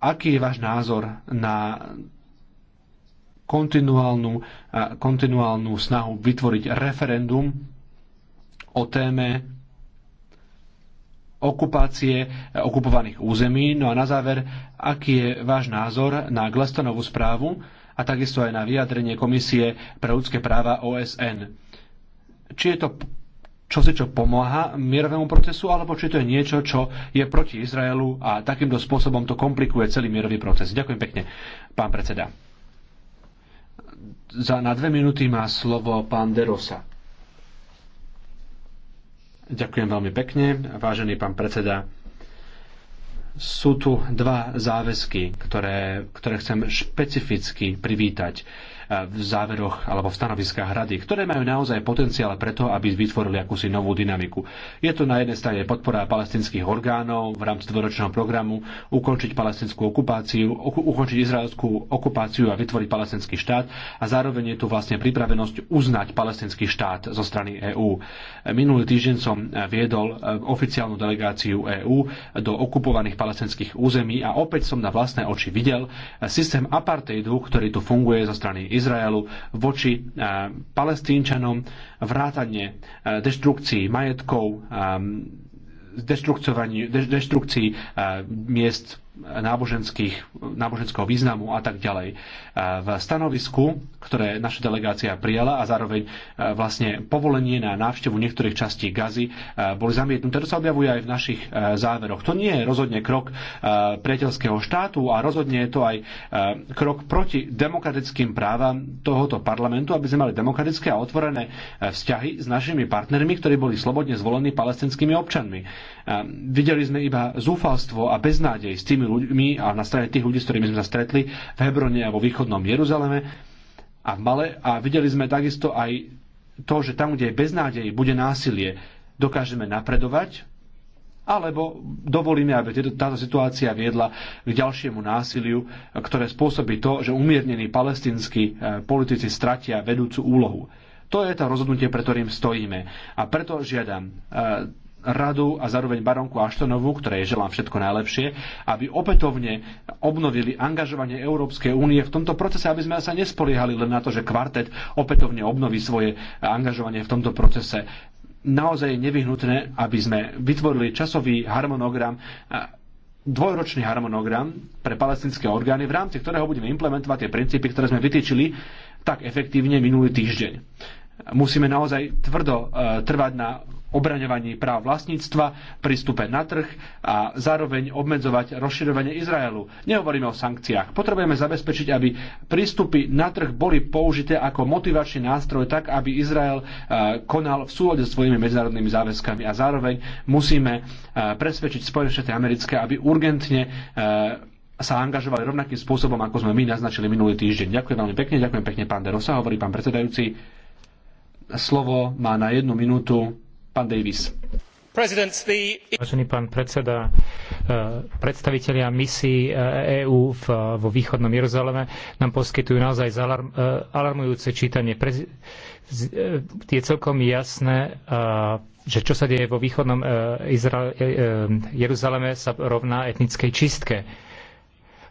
aký je váš názor na kontinuálnu, kontinuálnu snahu vytvoriť referendum o téme okupácie okupovaných území. No a na záver, aký je váš názor na Glastonovú správu a takisto aj na vyjadrenie Komisie pre ľudské práva OSN? Či je to čo si čo pomáha mierovému procesu, alebo či to je niečo, čo je proti Izraelu a takýmto spôsobom to komplikuje celý mierový proces. Ďakujem pekne, pán predseda. Za, na dve minúty má slovo pán Derosa. Ďakujem veľmi pekne, vážený pán predseda. Sú tu dva záväzky, ktoré, ktoré chcem špecificky privítať v záveroch alebo v stanoviskách rady, ktoré majú naozaj potenciál preto, aby vytvorili akúsi novú dynamiku. Je to na jednej strane podpora palestinských orgánov v rámci dvoročného programu, ukončiť palestinskú okupáciu, ukončiť izraelskú okupáciu a vytvoriť palestinský štát a zároveň je tu vlastne pripravenosť uznať palestinský štát zo strany EÚ. Minulý týždeň som viedol eh, oficiálnu delegáciu EÚ do okupovaných palestinských území a opäť som na vlastné oči videl eh, systém apartheidu, ktorý tu funguje zo strany Izraelu voči eh, palestínčanom vrátane eh, deštrukcií majetkov, eh, deštrukcii miest náboženského významu a tak ďalej. V stanovisku, ktoré naša delegácia prijala a zároveň vlastne povolenie na návštevu niektorých častí gazy boli zamietnuté. To sa objavuje aj v našich záveroch. To nie je rozhodne krok priateľského štátu a rozhodne je to aj krok proti demokratickým právam tohoto parlamentu, aby sme mali demokratické a otvorené vzťahy s našimi partnermi, ktorí boli slobodne zvolení palestinskými občanmi. Videli sme iba zúfalstvo a beznádej s tými ľuďmi a na strane tých ľudí, s ktorými sme sa stretli v Hebrone a vo východnom Jeruzaleme a v Male. A videli sme takisto aj to, že tam, kde je beznádej, bude násilie, dokážeme napredovať, alebo dovolíme, aby táto situácia viedla k ďalšiemu násiliu, ktoré spôsobí to, že umiernení palestinskí e, politici stratia vedúcu úlohu. To je to rozhodnutie, pre ktorým stojíme. A preto žiadam e, radu a zároveň baronku Aštonovú, ktorej želám všetko najlepšie, aby opätovne obnovili angažovanie Európskej únie v tomto procese, aby sme sa nespoliehali len na to, že kvartet opätovne obnoví svoje angažovanie v tomto procese. Naozaj je nevyhnutné, aby sme vytvorili časový harmonogram dvojročný harmonogram pre palestinské orgány, v rámci ktorého budeme implementovať tie princípy, ktoré sme vytýčili tak efektívne minulý týždeň musíme naozaj tvrdo eh, trvať na obraňovaní práv vlastníctva, prístupe na trh a zároveň obmedzovať rozširovanie Izraelu. Nehovoríme o sankciách. Potrebujeme zabezpečiť, aby prístupy na trh boli použité ako motivačný nástroj tak, aby Izrael e, konal v súlade s svojimi medzinárodnými záväzkami a zároveň musíme e, presvedčiť Spojené štáty americké, aby urgentne e, sa angažovali rovnakým spôsobom, ako sme my naznačili minulý týždeň. Ďakujem veľmi pekne, ďakujem pekne pán Derosa, hovorí pán predsedajúci. Slovo má na jednu minútu Pán Davis. Vážený pán predseda, eh, predstavitelia misií EÚ eh, e eh, vo východnom Jeruzaleme nám poskytujú naozaj alarm, alarmujúce čítanie. Je celkom jasné, že čo sa deje vo východnom Jeruzaleme sa rovná etnickej čistke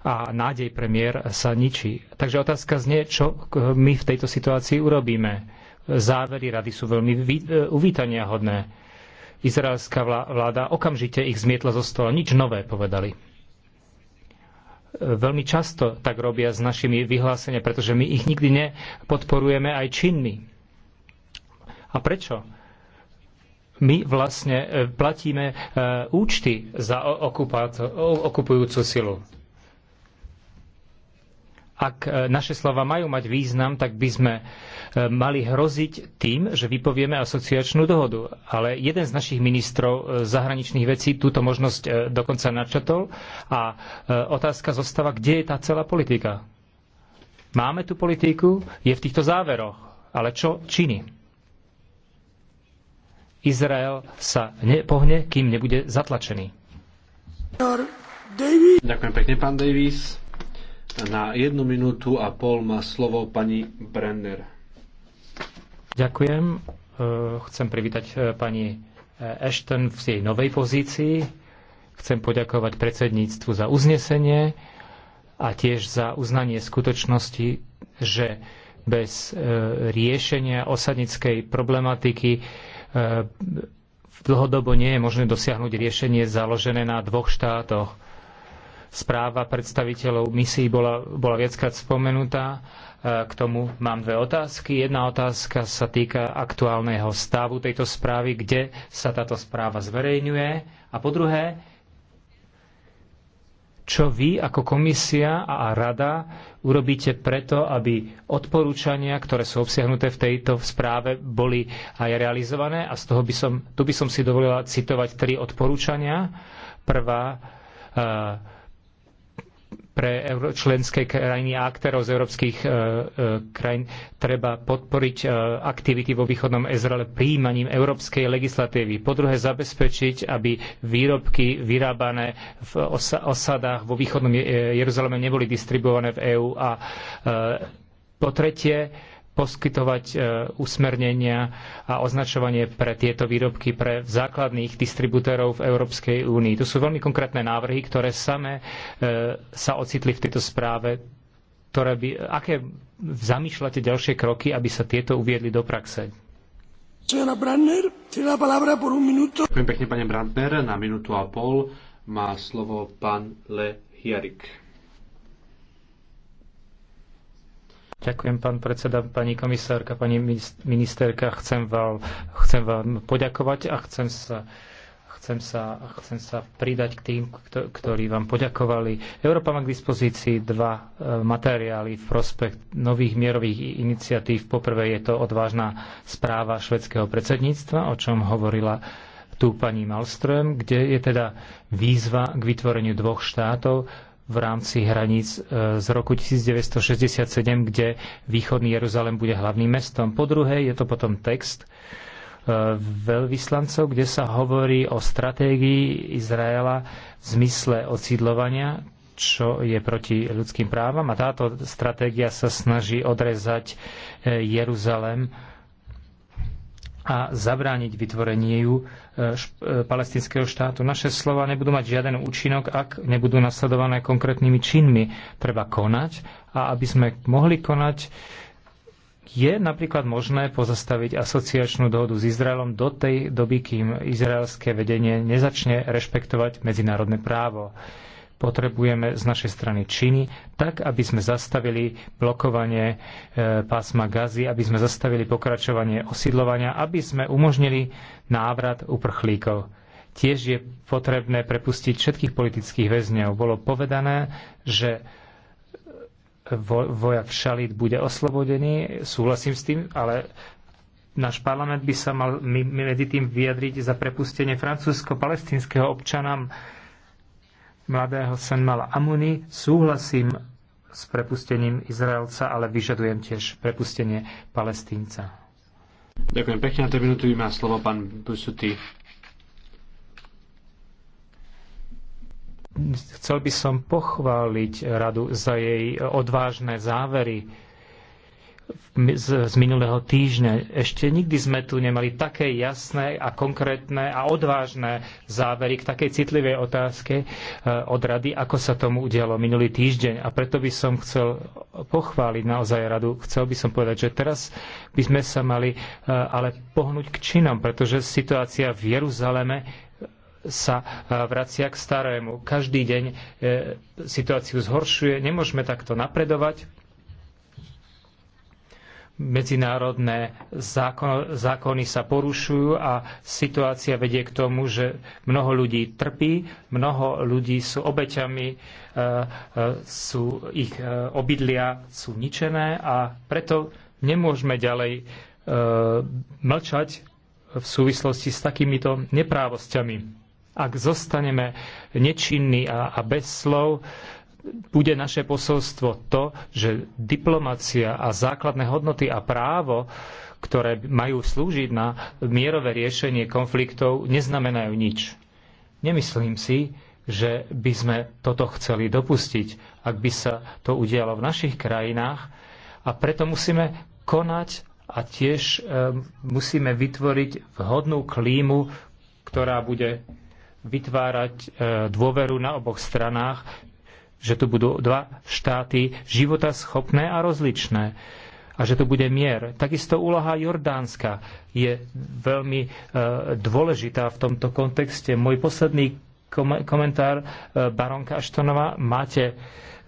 a nádej premiér sa ničí. Takže otázka znie, čo my v tejto situácii urobíme závery rady sú veľmi e, uvítania hodné. Izraelská vláda okamžite ich zmietla zo stola. Nič nové, povedali. E, veľmi často tak robia s našimi vyhlásenia, pretože my ich nikdy nepodporujeme aj činmi. A prečo? My vlastne e, platíme účty za okupujúcu silu ak e, naše slova majú mať význam, tak by sme e, mali hroziť tým, že vypovieme asociačnú dohodu. Ale jeden z našich ministrov e, zahraničných vecí túto možnosť dokonca načatol a otázka zostáva, kde je tá celá politika. Máme tú politiku, je v týchto záveroch, ale čo činy? Izrael sa nepohne, kým nebude zatlačený. Ďakujem pekne, pán Davis. Na jednu minútu a pol má slovo pani Brenner. Ďakujem. E, chcem privítať e, pani e, Ashton v jej novej pozícii. Chcem poďakovať predsedníctvu za uznesenie a tiež za uznanie skutočnosti, že bez riešenia osadnickej problematiky dlhodobo nie je možné dosiahnuť riešenie založené na dvoch štátoch Správa predstaviteľov misií bola, bola viackrát spomenutá. E, k tomu mám dve otázky. Jedna otázka sa týka aktuálneho stavu tejto správy, kde sa táto správa zverejňuje. A po druhé, čo vy ako komisia a rada urobíte preto, aby odporúčania, ktoré sú obsiahnuté v tejto správe, boli aj realizované. A z toho by som, tu by som si dovolila citovať tri odporúčania. Prvá, e, pre členské krajiny a aktérov z európskych e, e, krajín treba podporiť e, aktivity vo východnom Izraele príjmaním európskej legislatívy. Po druhé zabezpečiť, aby výrobky vyrábané v osadách vo východnom Jeruzaleme neboli distribuované v EÚ a po tretie poskytovať e, usmernenia a označovanie pre tieto výrobky pre základných distribútorov v Európskej únii. To sú veľmi konkrétne návrhy, ktoré same e, sa ocitli v tejto správe. Ktoré by, aké zamýšľate ďalšie kroky, aby sa tieto uviedli do praxe? Ďakujem pekne, pane Brandner. Na minútu a pol má slovo pán Le Hiarik. Ďakujem, pán predseda, pani komisárka, pani ministerka. Chcem vám, chcem vám poďakovať a chcem sa, chcem, sa, chcem sa pridať k tým, ktorí vám poďakovali. Európa má k dispozícii dva e, materiály v prospekt nových mierových iniciatív. Poprvé je to odvážna správa švedského predsedníctva, o čom hovorila tu pani Malström, kde je teda výzva k vytvoreniu dvoch štátov, v rámci hraníc e, z roku 1967, kde východný Jeruzalem bude hlavným mestom. Po druhé, je to potom text e, veľvyslancov, kde sa hovorí o stratégii Izraela v zmysle osídlovania, čo je proti ľudským právam. A táto stratégia sa snaží odrezať e, Jeruzalem a zabrániť vytvoreniu e, e, palestinského štátu. Naše slova nebudú mať žiaden účinok, ak nebudú nasledované konkrétnymi činmi. Treba konať a aby sme mohli konať, je napríklad možné pozastaviť asociačnú dohodu s Izraelom do tej doby, kým izraelské vedenie nezačne rešpektovať medzinárodné právo. Potrebujeme z našej strany činy, tak aby sme zastavili blokovanie e, pásma gazy, aby sme zastavili pokračovanie osídlovania, aby sme umožnili návrat uprchlíkov. Tiež je potrebné prepustiť všetkých politických väzňov. Bolo povedané, že vojak Šalit bude oslobodený, súhlasím s tým, ale náš parlament by sa mal medzi tým vyjadriť za prepustenie francúzsko-palestinského občana mladého Senmala Amuni. Súhlasím s prepustením Izraelca, ale vyžadujem tiež prepustenie Palestínca. Ďakujem pekne. Na 3 minúty má slovo pán Busuty. Chcel by som pochváliť radu za jej odvážne závery z minulého týždňa. Ešte nikdy sme tu nemali také jasné a konkrétne a odvážne závery k takej citlivej otázke e, od rady, ako sa tomu udialo minulý týždeň. A preto by som chcel pochváliť naozaj radu. Chcel by som povedať, že teraz by sme sa mali e, ale pohnúť k činom, pretože situácia v Jeruzaleme sa e, vracia k starému. Každý deň situáciu zhoršuje. Nemôžeme takto napredovať medzinárodné zákon, zákony sa porušujú a situácia vedie k tomu, že mnoho ľudí trpí, mnoho ľudí sú obeťami, e, e, sú ich e, obydlia sú ničené a preto nemôžeme ďalej mlčať v súvislosti s takýmito neprávosťami. Ak zostaneme nečinní a, a bez slov, bude naše posolstvo to, že diplomacia a základné hodnoty a právo, ktoré majú slúžiť na mierové riešenie konfliktov, neznamenajú nič. Nemyslím si, že by sme toto chceli dopustiť, ak by sa to udialo v našich krajinách. A preto musíme konať a tiež eh, musíme vytvoriť vhodnú klímu, ktorá bude vytvárať eh, dôveru na oboch stranách, že tu budú dva štáty života schopné a rozličné a že tu bude mier. Takisto úloha Jordánska je veľmi e, dôležitá v tomto kontexte. Môj posledný kom- komentár, e, baronka Aštonova, máte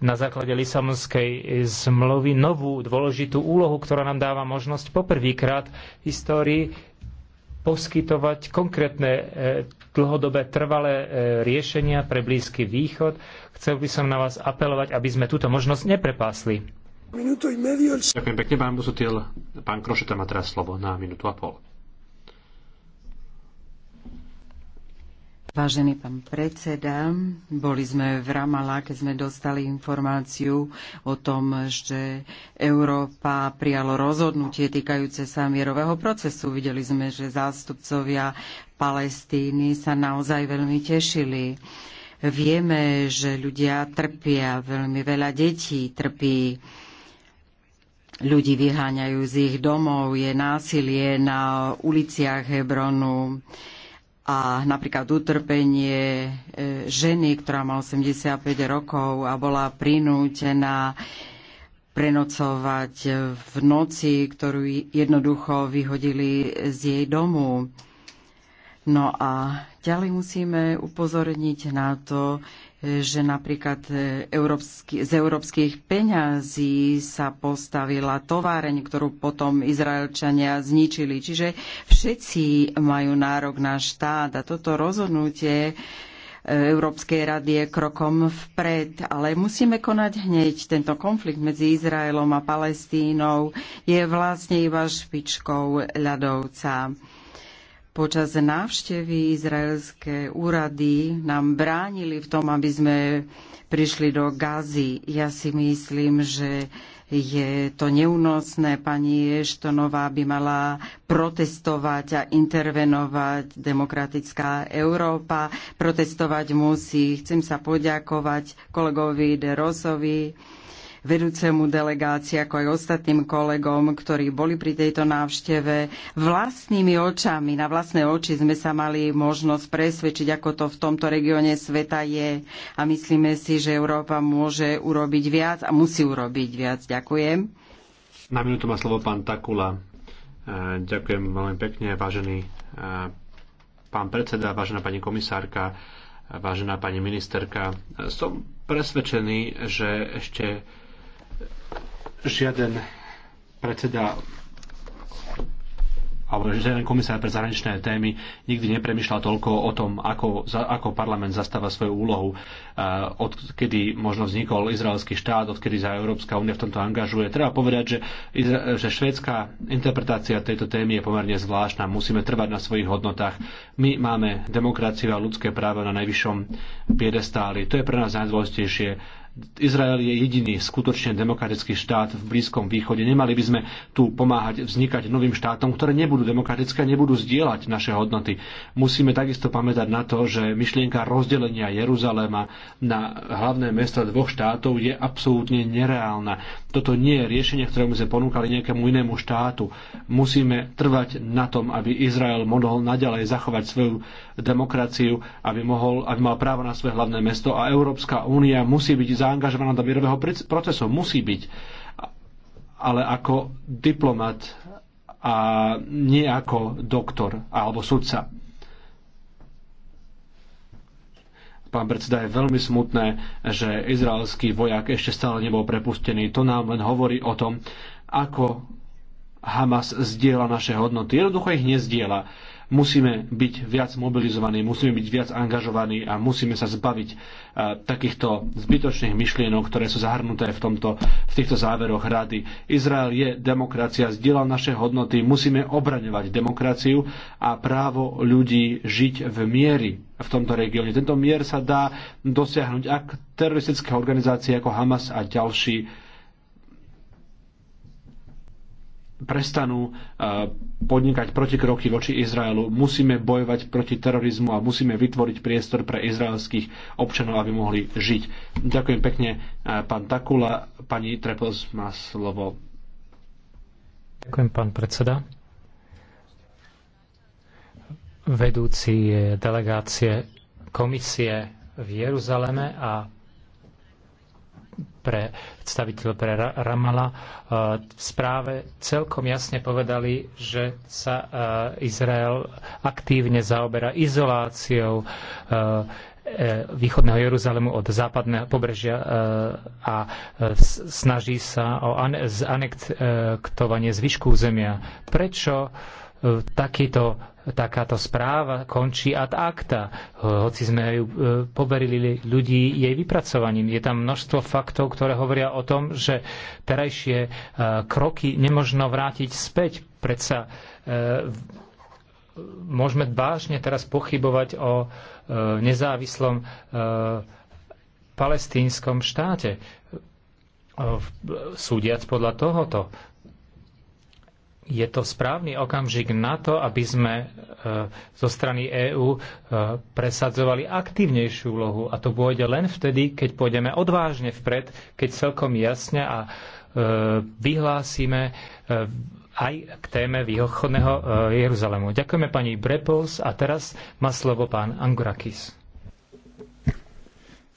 na základe Lisabonskej zmluvy novú dôležitú úlohu, ktorá nám dáva možnosť poprvýkrát v histórii poskytovať konkrétne e, dlhodobé trvalé e, riešenia pre Blízky východ. Chcel by som na vás apelovať, aby sme túto možnosť neprepásli. Ďakujem pekne, pán Busutil. Pán Krošeta má teraz slovo na minútu a pol. Vážený pán predseda, boli sme v Ramala, keď sme dostali informáciu o tom, že Európa prijalo rozhodnutie týkajúce sa mierového procesu. Videli sme, že zástupcovia Palestíny sa naozaj veľmi tešili. Vieme, že ľudia trpia, veľmi veľa detí trpí. Ľudí vyháňajú z ich domov, je násilie na uliciach Hebronu a napríklad utrpenie e, ženy, ktorá mala 85 rokov a bola prinútená prenocovať v noci, ktorú jednoducho vyhodili z jej domu. No a ďalej musíme upozorniť na to, že napríklad e, európsky, z európskych peňazí sa postavila továreň, ktorú potom Izraelčania zničili. Čiže všetci majú nárok na štát a toto rozhodnutie e, Európskej rady je krokom vpred, ale musíme konať hneď. Tento konflikt medzi Izraelom a Palestínou je vlastne iba špičkou ľadovca. Počas návštevy izraelské úrady nám bránili v tom, aby sme prišli do Gazy. Ja si myslím, že je to neúnosné. Pani Eštonová by mala protestovať a intervenovať demokratická Európa. Protestovať musí. Chcem sa poďakovať kolegovi De Rosovi, vedúcemu delegácii, ako aj ostatným kolegom, ktorí boli pri tejto návšteve. Vlastnými očami, na vlastné oči sme sa mali možnosť presvedčiť, ako to v tomto regióne sveta je. A myslíme si, že Európa môže urobiť viac a musí urobiť viac. Ďakujem. Na minútu má slovo pán Takula. E, ďakujem veľmi pekne, vážený e, pán predseda, vážená pani komisárka, vážená pani ministerka. Som presvedčený, že ešte žiaden predseda alebo žiaden komisár pre zahraničné témy nikdy nepremýšľal toľko o tom, ako, ako parlament zastáva svoju úlohu, odkedy možno vznikol izraelský štát, odkedy sa Európska únia v tomto angažuje. Treba povedať, že, že švédska interpretácia tejto témy je pomerne zvláštna. Musíme trvať na svojich hodnotách. My máme demokraciu a ľudské práva na najvyššom piedestáli. To je pre nás najdôležitejšie Izrael je jediný skutočne demokratický štát v Blízkom východe. Nemali by sme tu pomáhať vznikať novým štátom, ktoré nebudú demokratické, nebudú zdieľať naše hodnoty. Musíme takisto pamätať na to, že myšlienka rozdelenia Jeruzaléma na hlavné mesta dvoch štátov je absolútne nereálna. Toto nie je riešenie, ktoré by sme ponúkali nejakému inému štátu. Musíme trvať na tom, aby Izrael mohol naďalej zachovať svoju demokraciu, aby, mohol, aby mal právo na svoje hlavné mesto a Európska únia musí byť zaangažovaná do mierového procesu. Musí byť. Ale ako diplomat a nie ako doktor alebo sudca. Pán predseda, je veľmi smutné, že izraelský vojak ešte stále nebol prepustený. To nám len hovorí o tom, ako Hamas zdieľa naše hodnoty. Jednoducho ich nezdieľa Musíme byť viac mobilizovaní, musíme byť viac angažovaní a musíme sa zbaviť eh, takýchto zbytočných myšlienok, ktoré sú zahrnuté v, tomto, v týchto záveroch rady. Izrael je demokracia, zdieľa naše hodnoty, musíme obraňovať demokraciu a právo ľudí žiť v miery v tomto regióne. Tento mier sa dá dosiahnuť, ak teroristické organizácie ako Hamas a ďalší prestanú e, podnikať protikroky voči Izraelu. Musíme bojovať proti terorizmu a musíme vytvoriť priestor pre izraelských občanov, aby mohli žiť. Ďakujem pekne, e, pán Takula. Pani Trepos má slovo. Ďakujem, pán predseda. Vedúci delegácie komisie v Jeruzaleme a pre predstaviteľ pre Ramala e, v správe celkom jasne povedali, že sa e, Izrael aktívne zaoberá izoláciou e, východného Jeruzalému od západného pobrežia a snaží sa o anektovanie zvyšku zemia. Prečo takýto takáto správa končí ad acta, hoci sme ju e, poverili ľudí jej vypracovaním. Je tam množstvo faktov, ktoré hovoria o tom, že terajšie e, kroky nemožno vrátiť späť. Predsa e, môžeme vážne teraz pochybovať o nezávislom palestínskom štáte súdiac podľa tohoto je to správny okamžik na to, aby sme e, zo strany EÚ e, presadzovali aktívnejšiu úlohu. A to pôjde len vtedy, keď pôjdeme odvážne vpred, keď celkom jasne a e, vyhlásime aj k téme východného Jeruzalému. Ďakujeme pani Brepols a teraz má slovo pán Angurakis.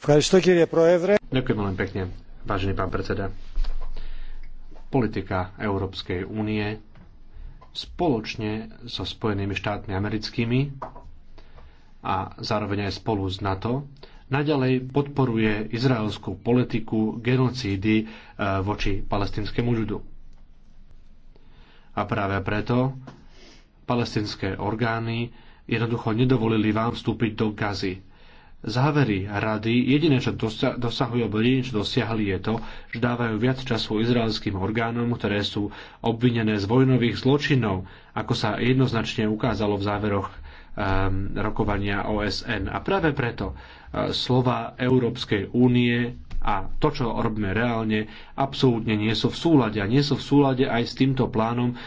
Ďakujem veľmi pekne, vážený pán predseda. Politika Európskej únie spoločne so Spojenými štátmi americkými a zároveň aj spolu s NATO naďalej podporuje izraelskú politiku genocídy e, voči palestinskému ľudu. A práve preto palestinské orgány jednoducho nedovolili vám vstúpiť do Gazy závery rady jediné, čo dosahujú, alebo jediné, čo dosiahli, je to, že dávajú viac času izraelským orgánom, ktoré sú obvinené z vojnových zločinov, ako sa jednoznačne ukázalo v záveroch um, rokovania OSN. A práve preto uh, slova Európskej únie a to, čo robíme reálne, absolútne nie sú v súlade a nie sú v súlade aj s týmto plánom um,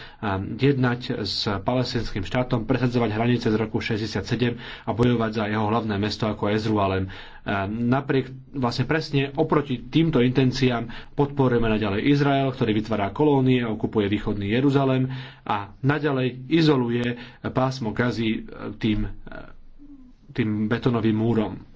jednať s palestinským štátom, presadzovať hranice z roku 67 a bojovať za jeho hlavné mesto ako Ezrualem. Um, napriek vlastne presne oproti týmto intenciám podporujeme naďalej Izrael, ktorý vytvára kolónie, okupuje východný Jeruzalem a naďalej izoluje pásmo Gazy uh, tým, uh, tým betonovým múrom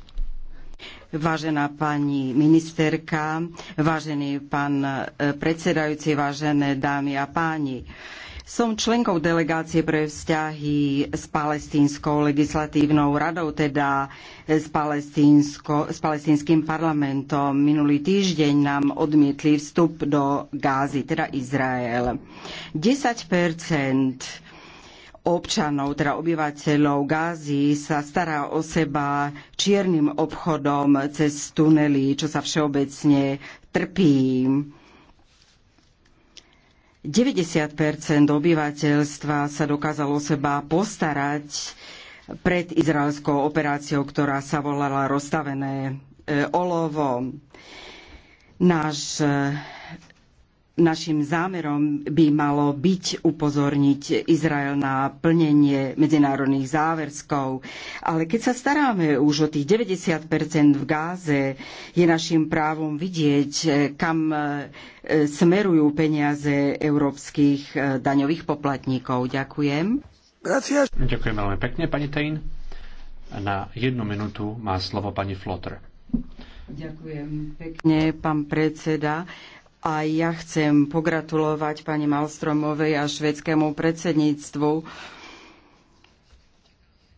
Vážená pani ministerka, vážený pán e, predsedajúci, vážené dámy a páni. Som členkou delegácie pre vzťahy s palestínskou legislatívnou radou, teda s, s palestínskym parlamentom. Minulý týždeň nám odmietli vstup do Gázy, teda Izrael. 10 občanov, teda obyvateľov Gázy sa stará o seba čiernym obchodom cez tunely, čo sa všeobecne trpí. 90 obyvateľstva sa dokázalo o seba postarať pred izraelskou operáciou, ktorá sa volala rozstavené e, olovo. Náš Našim zámerom by malo byť upozorniť Izrael na plnenie medzinárodných záverskov, ale keď sa staráme už o tých 90% v Gáze, je našim právom vidieť, kam e, smerujú peniaze európskych e, daňových poplatníkov. Ďakujem. Gracias. Ďakujem veľmi pekne, pani Tejn. Na jednu minútu má slovo pani Flotter. Ďakujem pekne, pán predseda. A ja chcem pogratulovať pani Malstromovej a švedskému predsedníctvu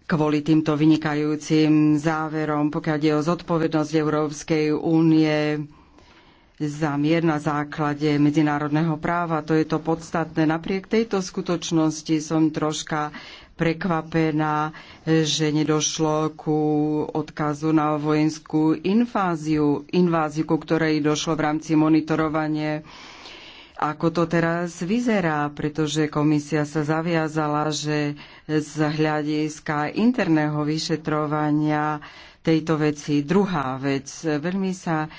kvôli týmto vynikajúcim záverom, pokiaľ je o zodpovednosť Európskej únie za mier na základe medzinárodného práva. To je to podstatné. Napriek tejto skutočnosti som troška prekvapená, že nedošlo ku odkazu na vojenskú inváziu, inváziu, ku ktorej došlo v rámci monitorovania ako to teraz vyzerá, pretože komisia sa zaviazala, že z hľadiska interného vyšetrovania tejto veci. Druhá vec, veľmi sa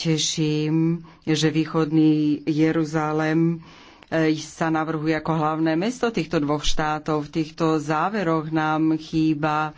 teším, že východný Jeruzalem sa navrhuje ako hlavné mesto týchto dvoch štátov. V týchto záveroch nám chýba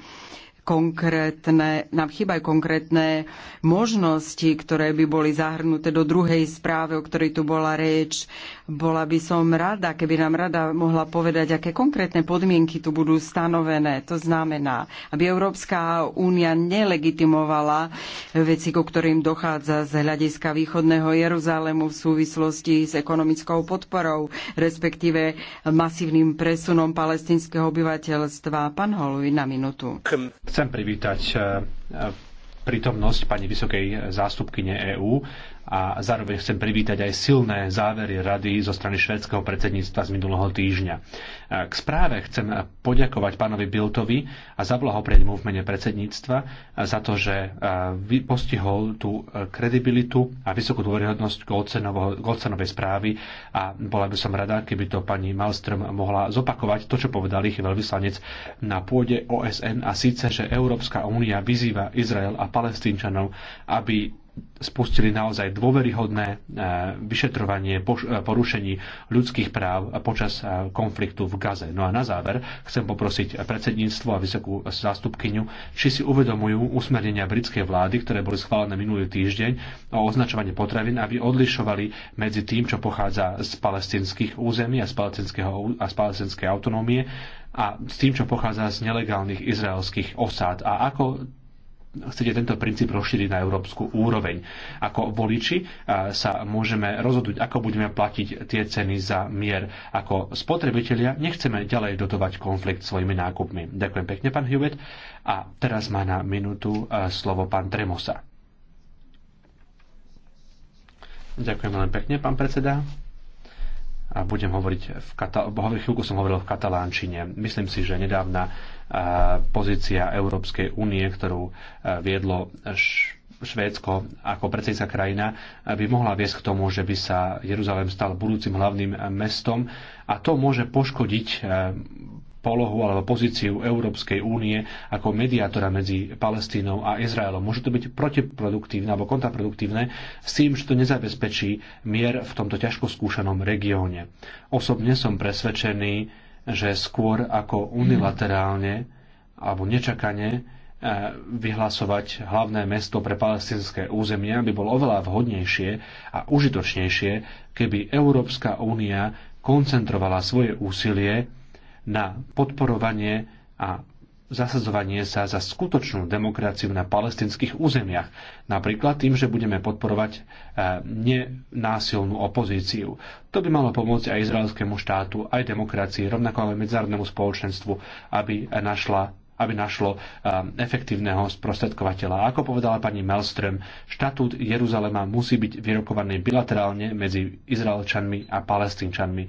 konkrétne, nám chýbajú konkrétne možnosti, ktoré by boli zahrnuté do druhej správy, o ktorej tu bola reč. Bola by som rada, keby nám rada mohla povedať, aké konkrétne podmienky tu budú stanovené. To znamená, aby Európska únia nelegitimovala veci, ku ktorým dochádza z hľadiska východného Jeruzalému v súvislosti s ekonomickou podporou, respektíve masívnym presunom palestinského obyvateľstva. Pán Holuj, na minútu. Chcem privítať eh, prítomnosť pani vysokej zástupkyne EÚ a zároveň chcem privítať aj silné závery rady zo strany švedského predsedníctva z minulého týždňa. K správe chcem poďakovať pánovi Biltovi a zablahoprieť mu v mene predsedníctva za to, že postihol tú kredibilitu a vysokú dôveryhodnosť Golcenovej správy a bola by som rada, keby to pani Malström mohla zopakovať to, čo povedal ich veľvyslanec na pôde OSN a síce, že Európska únia vyzýva Izrael a palestínčanov, aby spustili naozaj dôveryhodné e, vyšetrovanie e, porušení ľudských práv počas e, konfliktu v Gaze. No a na záver chcem poprosiť predsedníctvo a vysokú zástupkyňu, či si uvedomujú usmernenia britskej vlády, ktoré boli schválené minulý týždeň o označovanie potravín, aby odlišovali medzi tým, čo pochádza z palestinských území a z, a z palestinskej autonómie a s tým, čo pochádza z nelegálnych izraelských osád a ako chcete tento princíp rozšíriť na európsku úroveň. Ako voliči eh, sa môžeme rozhodnúť, ako budeme platiť tie ceny za mier. Ako spotrebitelia nechceme ďalej dotovať konflikt svojimi nákupmi. Ďakujem pekne, pán Hubert. A teraz má na minútu eh, slovo pán Tremosa. Ďakujem veľmi pekne, pán predseda a budem hovoriť v kata- chvíľku som hovoril v katalánčine. Myslím si, že nedávna pozícia Európskej únie, ktorú viedlo Švédsko ako predsednická krajina by mohla viesť k tomu, že by sa Jeruzalém stal budúcim hlavným mestom a to môže poškodiť polohu alebo pozíciu Európskej únie ako mediátora medzi Palestínou a Izraelom. Môže to byť protiproduktívne alebo kontraproduktívne s tým, že to nezabezpečí mier v tomto ťažko skúšanom regióne. Osobne som presvedčený, že skôr ako unilaterálne alebo nečakane eh, vyhlasovať hlavné mesto pre palestinské územia by bolo oveľa vhodnejšie a užitočnejšie, keby Európska únia koncentrovala svoje úsilie na podporovanie a zasadzovanie sa za skutočnú demokraciu na palestinských územiach. Napríklad tým, že budeme podporovať e, nenásilnú opozíciu. To by malo pomôcť aj izraelskému štátu, aj demokracii, rovnako aj medzárodnému spoločenstvu, aby našla aby našlo e, efektívneho sprostredkovateľa. Ako povedala pani Melström, štatút Jeruzalema musí byť vyrokovaný bilaterálne medzi Izraelčanmi a Palestínčanmi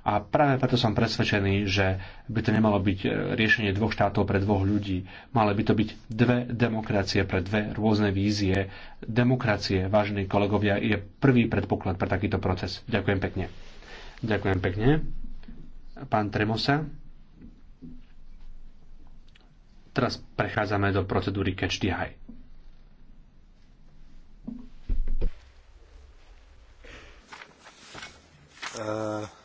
a práve preto som presvedčený, že by to nemalo byť e, riešenie dvoch štátov pre dvoch ľudí. Mali by to byť dve demokracie pre dve rôzne vízie. Demokracie, vážení kolegovia, je prvý predpoklad pre takýto proces. Ďakujem pekne. Ďakujem pekne. Pán Tremosa. Teraz prechádzame do procedúry Catch the High. Uh...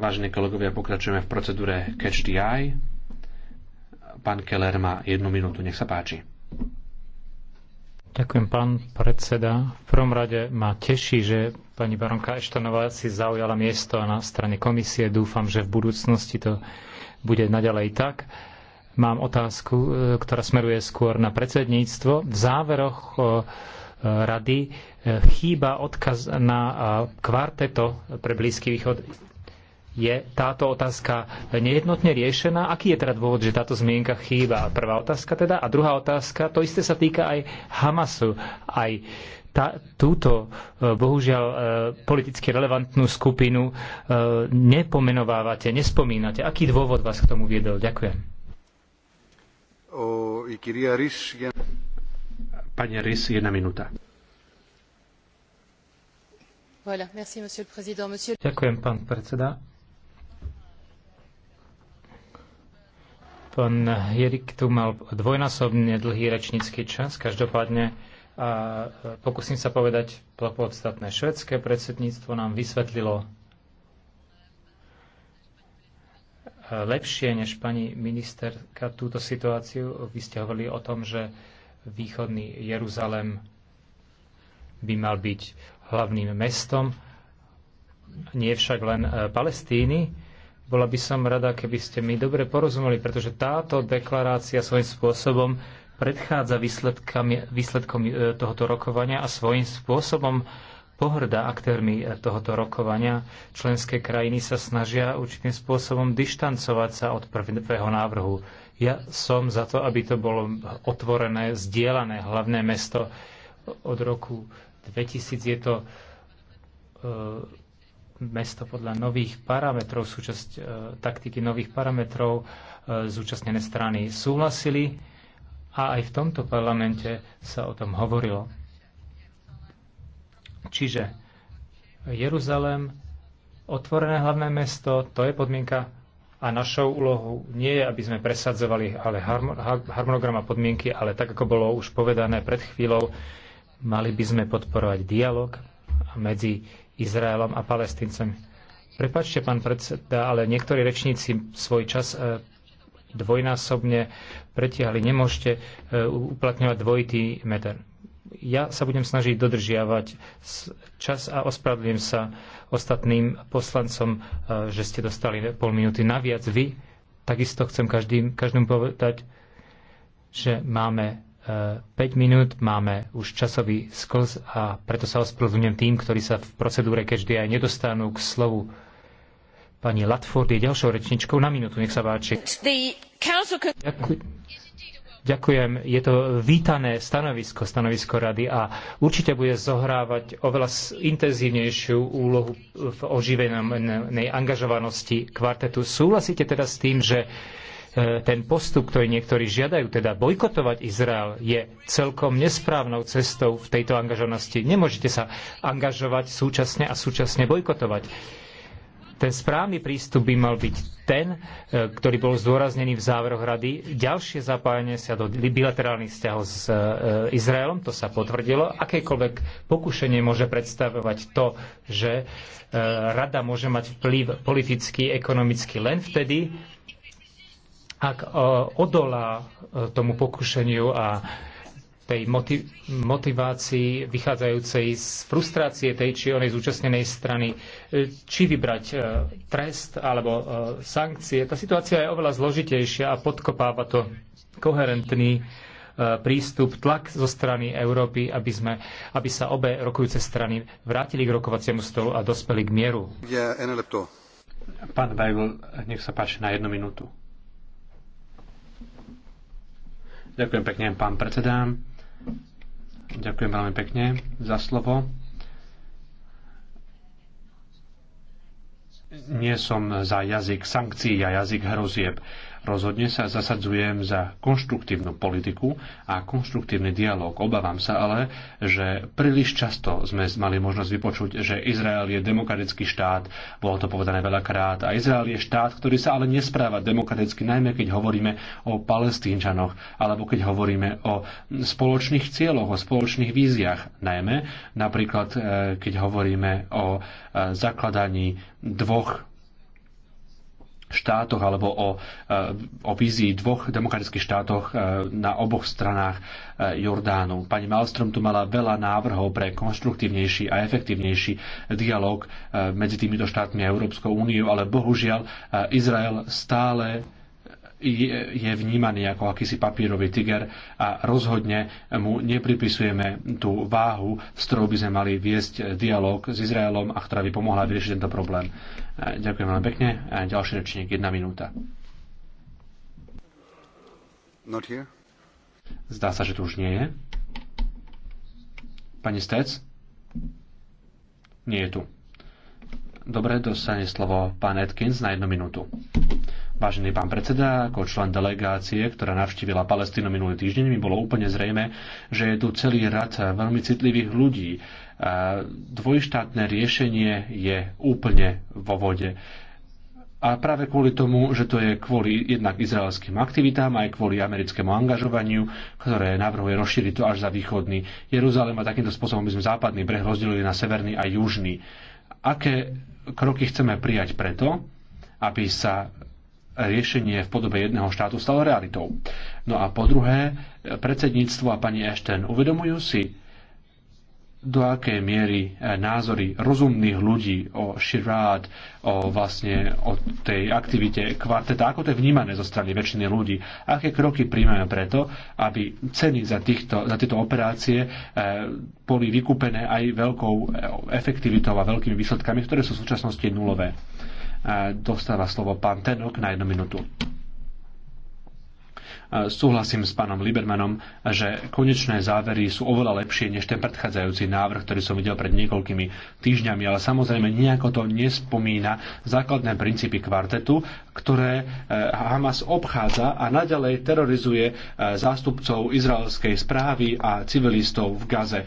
Vážení kolegovia, pokračujeme v procedúre Catch the Eye. Pán Keller má jednu minútu, nech sa páči. Ďakujem, pán predseda. V prvom rade ma teší, že pani baronka Eštanová si zaujala miesto na strane komisie. Dúfam, že v budúcnosti to bude naďalej tak. Mám otázku, e, ktorá smeruje skôr na predsedníctvo. V záveroch e, rady e, chýba odkaz na e, kvarteto pre Blízky východ. Je táto otázka nejednotne riešená? Aký je teda dôvod, že táto zmienka chýba? Prvá otázka teda. A druhá otázka, to isté sa týka aj Hamasu. Aj tá, túto, e, bohužiaľ, politicky relevantnú skupinu nepomenovávate, nespomínate. Aký dôvod vás k tomu viedol? Ďakujem. O, Pani Rys, jedna minúta. Voilà, merci, monsieur le président. Monsieur... Ďakujem, pán predseda. Pán Jerik tu mal dvojnásobne dlhý rečnícky čas. Každopádne a pokúsim sa povedať podstatné. Švedské predsedníctvo nám vysvetlilo lepšie než pani ministerka túto situáciu. Vy ste hovorili o tom, že východný Jeruzalem by mal byť hlavným mestom, nie však len e, Palestíny. Bola by som rada, keby ste mi dobre porozumeli, pretože táto deklarácia svojím spôsobom predchádza výsledkom e, tohoto rokovania a svojím spôsobom pohrda aktérmi e, tohoto rokovania. Členské krajiny sa snažia určitým spôsobom dištancovať sa od prvého návrhu ja som za to, aby to bolo otvorené, zdieľané hlavné mesto. Od roku 2000 je to e, mesto podľa nových parametrov, súčasť e, taktiky nových parametrov. E, zúčastnené strany súhlasili a aj v tomto parlamente sa o tom hovorilo. Čiže Jeruzalem, otvorené hlavné mesto, to je podmienka a našou úlohou nie je, aby sme presadzovali ale harmonogram a podmienky, ale tak, ako bolo už povedané pred chvíľou, mali by sme podporovať dialog medzi Izraelom a Palestíncem. Prepačte, pán predseda, ale niektorí rečníci svoj čas e, dvojnásobne pretiahli. Nemôžete e, uplatňovať dvojitý meter ja sa budem snažiť dodržiavať čas a ospravedlňujem sa ostatným poslancom, eh, že ste dostali pol minúty naviac. Vy takisto chcem každým, každým povedať, že máme 5 eh, minút, máme už časový sklz a preto sa ospravedlňujem tým, ktorí sa v procedúre každý aj nedostanú k slovu. Pani Latford je ďalšou rečničkou na minútu, nech sa páči. Ďakujem. Ďakujem. Je to vítané stanovisko, stanovisko rady a určite bude zohrávať oveľa intenzívnejšiu úlohu v oživenej angažovanosti kvartetu. Súhlasíte teda s tým, že e, ten postup, ktorý niektorí žiadajú, teda bojkotovať Izrael, je celkom nesprávnou cestou v tejto angažovanosti. Nemôžete sa angažovať súčasne a súčasne bojkotovať ten správny prístup by mal byť ten, e, ktorý bol zdôraznený v záveroch rady. Ďalšie zapájanie sa do bilaterálnych vzťahov s e, e, Izraelom, to sa potvrdilo. Akékoľvek pokušenie môže predstavovať to, že rada môže mať vplyv politicky, ekonomicky len vtedy, ak odolá tomu pokušeniu a tej motivácii vychádzajúcej z frustrácie tej či onej zúčastnenej strany, e, či vybrať e, trest alebo e, sankcie. Tá situácia je oveľa zložitejšia a podkopáva to koherentný prístup, tlak zo strany Európy, aby, sme, aby sa obe rokujúce strany vrátili k rokovaciemu stolu a dospeli k mieru. Pán Weigl, nech sa páči na jednu minútu. Ďakujem pekne, pán predseda. Ďakujem veľmi pekne za slovo. Nie som za jazyk sankcií a jazyk hrozieb Rozhodne sa zasadzujem za konštruktívnu politiku a konštruktívny dialog. Obávam sa ale, že príliš často sme mali možnosť vypočuť, že Izrael je demokratický štát, bolo to povedané veľakrát, a Izrael je štát, ktorý sa ale nespráva demokraticky, najmä keď hovoríme o palestínčanoch, alebo keď hovoríme o spoločných cieľoch, o spoločných víziach, najmä napríklad eh, keď hovoríme o eh, zakladaní dvoch štátoch alebo o, eh, o vízii dvoch demokratických štátoch eh, na oboch stranách eh, Jordánu. Pani Malstrom tu mala veľa návrhov pre konštruktívnejší a efektívnejší dialog medzi týmito štátmi a Európskou úniou, ale bohužiaľ Izrael stále je vnímaný ako akýsi papírový tiger a rozhodne mu nepripisujeme tú váhu, s ktorou by sme mali viesť dialog s Izraelom a ktorá by pomohla vyriešiť tento problém. Ďakujem veľmi pekne. Ďalší rečník, jedna minúta. Not here. Zdá sa, že tu už nie je. Pani Stec? Nie je tu. Dobre, dostane slovo pán Atkins na jednu minútu. Vážený pán predseda, ako člen delegácie, ktorá navštívila Palestínu minulý týždeň, mi bolo úplne zrejme, že je tu celý rad veľmi citlivých ľudí. Dvojštátne riešenie je úplne vo vode. A práve kvôli tomu, že to je kvôli jednak izraelským aktivitám, aj kvôli americkému angažovaniu, ktoré navrhuje rozšíriť to až za východný Jeruzalém a takýmto spôsobom by sme západný breh rozdelili na severný a južný. Aké kroky chceme prijať preto, aby sa riešenie v podobe jedného štátu stalo realitou. No a po druhé, predsedníctvo a pani Ashton uvedomujú si, do akej miery e, názory rozumných ľudí o Shirad, o vlastne o tej aktivite kvarteta, ako to je vnímané zo strany väčšiny ľudí, aké kroky príjmeme preto, aby ceny za, týchto, za tieto operácie e, boli vykúpené aj veľkou e, efektivitou a veľkými výsledkami, ktoré sú v súčasnosti nulové dostáva slovo pán Tenok na jednu minútu súhlasím s pánom Libermanom, že konečné závery sú oveľa lepšie než ten predchádzajúci návrh, ktorý som videl pred niekoľkými týždňami, ale samozrejme nejako to nespomína základné princípy kvartetu, ktoré e, Hamas obchádza a naďalej terorizuje e, zástupcov izraelskej správy a civilistov v Gaze. E,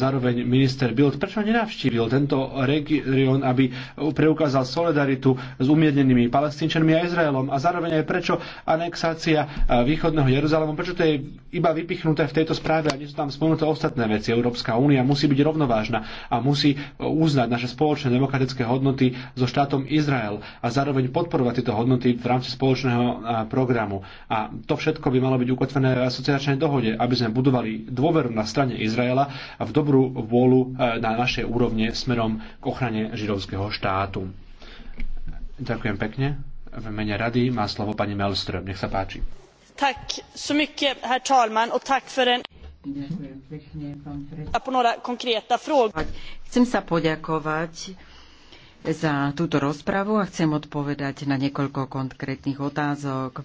zároveň minister Bild prečo nenavštívil tento región, aby preukázal solidaritu s umiernenými palestínčanmi a Izraelom a zároveň aj prečo anexácia východného Jeruzalemu, prečo to je iba vypichnuté v tejto správe a nie sú tam spomenuté ostatné veci. Európska únia musí byť rovnovážna a musí e, uznať naše spoločné demokratické hodnoty so štátom Izrael a zároveň podporovať tieto hodnoty v rámci spoločného e, programu. A to všetko by malo byť ukotvené v asociačnej dohode, aby sme budovali dôveru na strane Izraela a v dobrú vôľu e, na našej úrovne smerom k ochrane židovského štátu. Ďakujem pekne. V mene rady má slovo pani Melström. Nech sa páči herr talman! Tack för en på några konkreta frågor. Chcem sa poďakovať za túto rozpravu a chcem odpovedať na niekoľko konkrétnych otázok.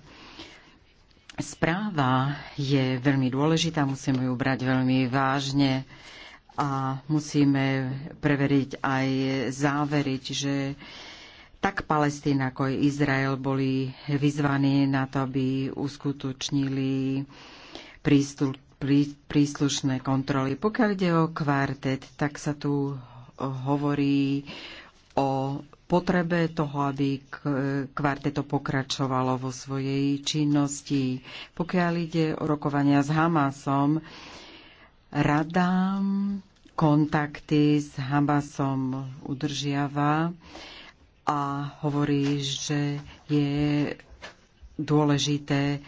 Správa je veľmi dôležitá, musíme ju brať veľmi vážne a musíme preveriť aj závery, čiže tak Palestína ako aj Izrael boli vyzvaní na to, aby uskutočnili prístup, príslušné kontroly. Pokiaľ ide o kvartet, tak sa tu hovorí o potrebe toho, aby kvarteto pokračovalo vo svojej činnosti. Pokiaľ ide o rokovania s Hamasom, rada kontakty s Hamasom udržiava a hovorí, že je dôležité e,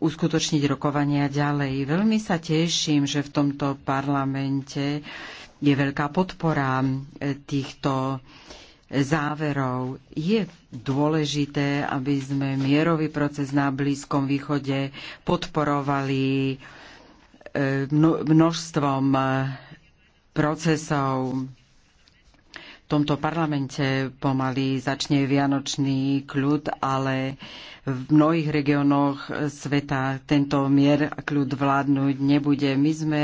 uskutočniť rokovania ďalej. Veľmi sa teším, že v tomto parlamente je veľká podpora e, týchto záverov. Je dôležité, aby sme mierový proces na Blízkom východe podporovali e, množstvom procesov tomto parlamente pomaly začne vianočný kľud, ale v mnohých regiónoch sveta tento mier a kľud vládnuť nebude. My sme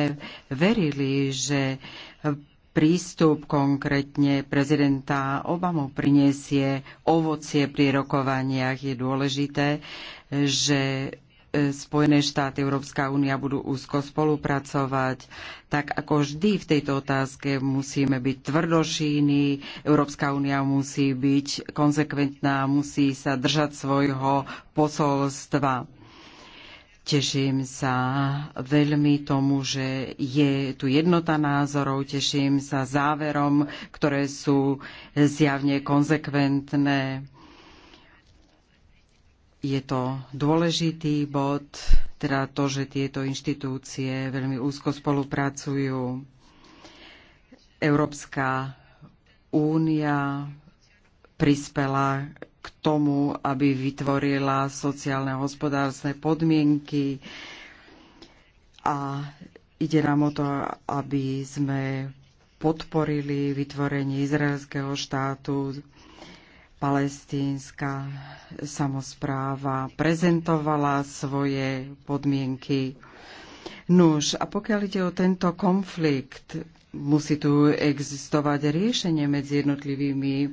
verili, že prístup konkrétne prezidenta Obamu priniesie ovocie pri rokovaniach. Je dôležité, že Spojené štáty, Európska únia budú úzko spolupracovať. Tak ako vždy v tejto otázke musíme byť tvrdošíni, Európska únia musí byť konzekventná, musí sa držať svojho posolstva. Teším sa veľmi tomu, že je tu jednota názorov, teším sa záverom, ktoré sú zjavne konzekventné. Je to dôležitý bod, teda to, že tieto inštitúcie veľmi úzko spolupracujú. Európska únia prispela k tomu, aby vytvorila sociálne a hospodárske podmienky a ide nám o to, aby sme podporili vytvorenie izraelského štátu palestínska samozpráva prezentovala svoje podmienky. Nuž, a pokiaľ ide o tento konflikt, musí tu existovať riešenie medzi jednotlivými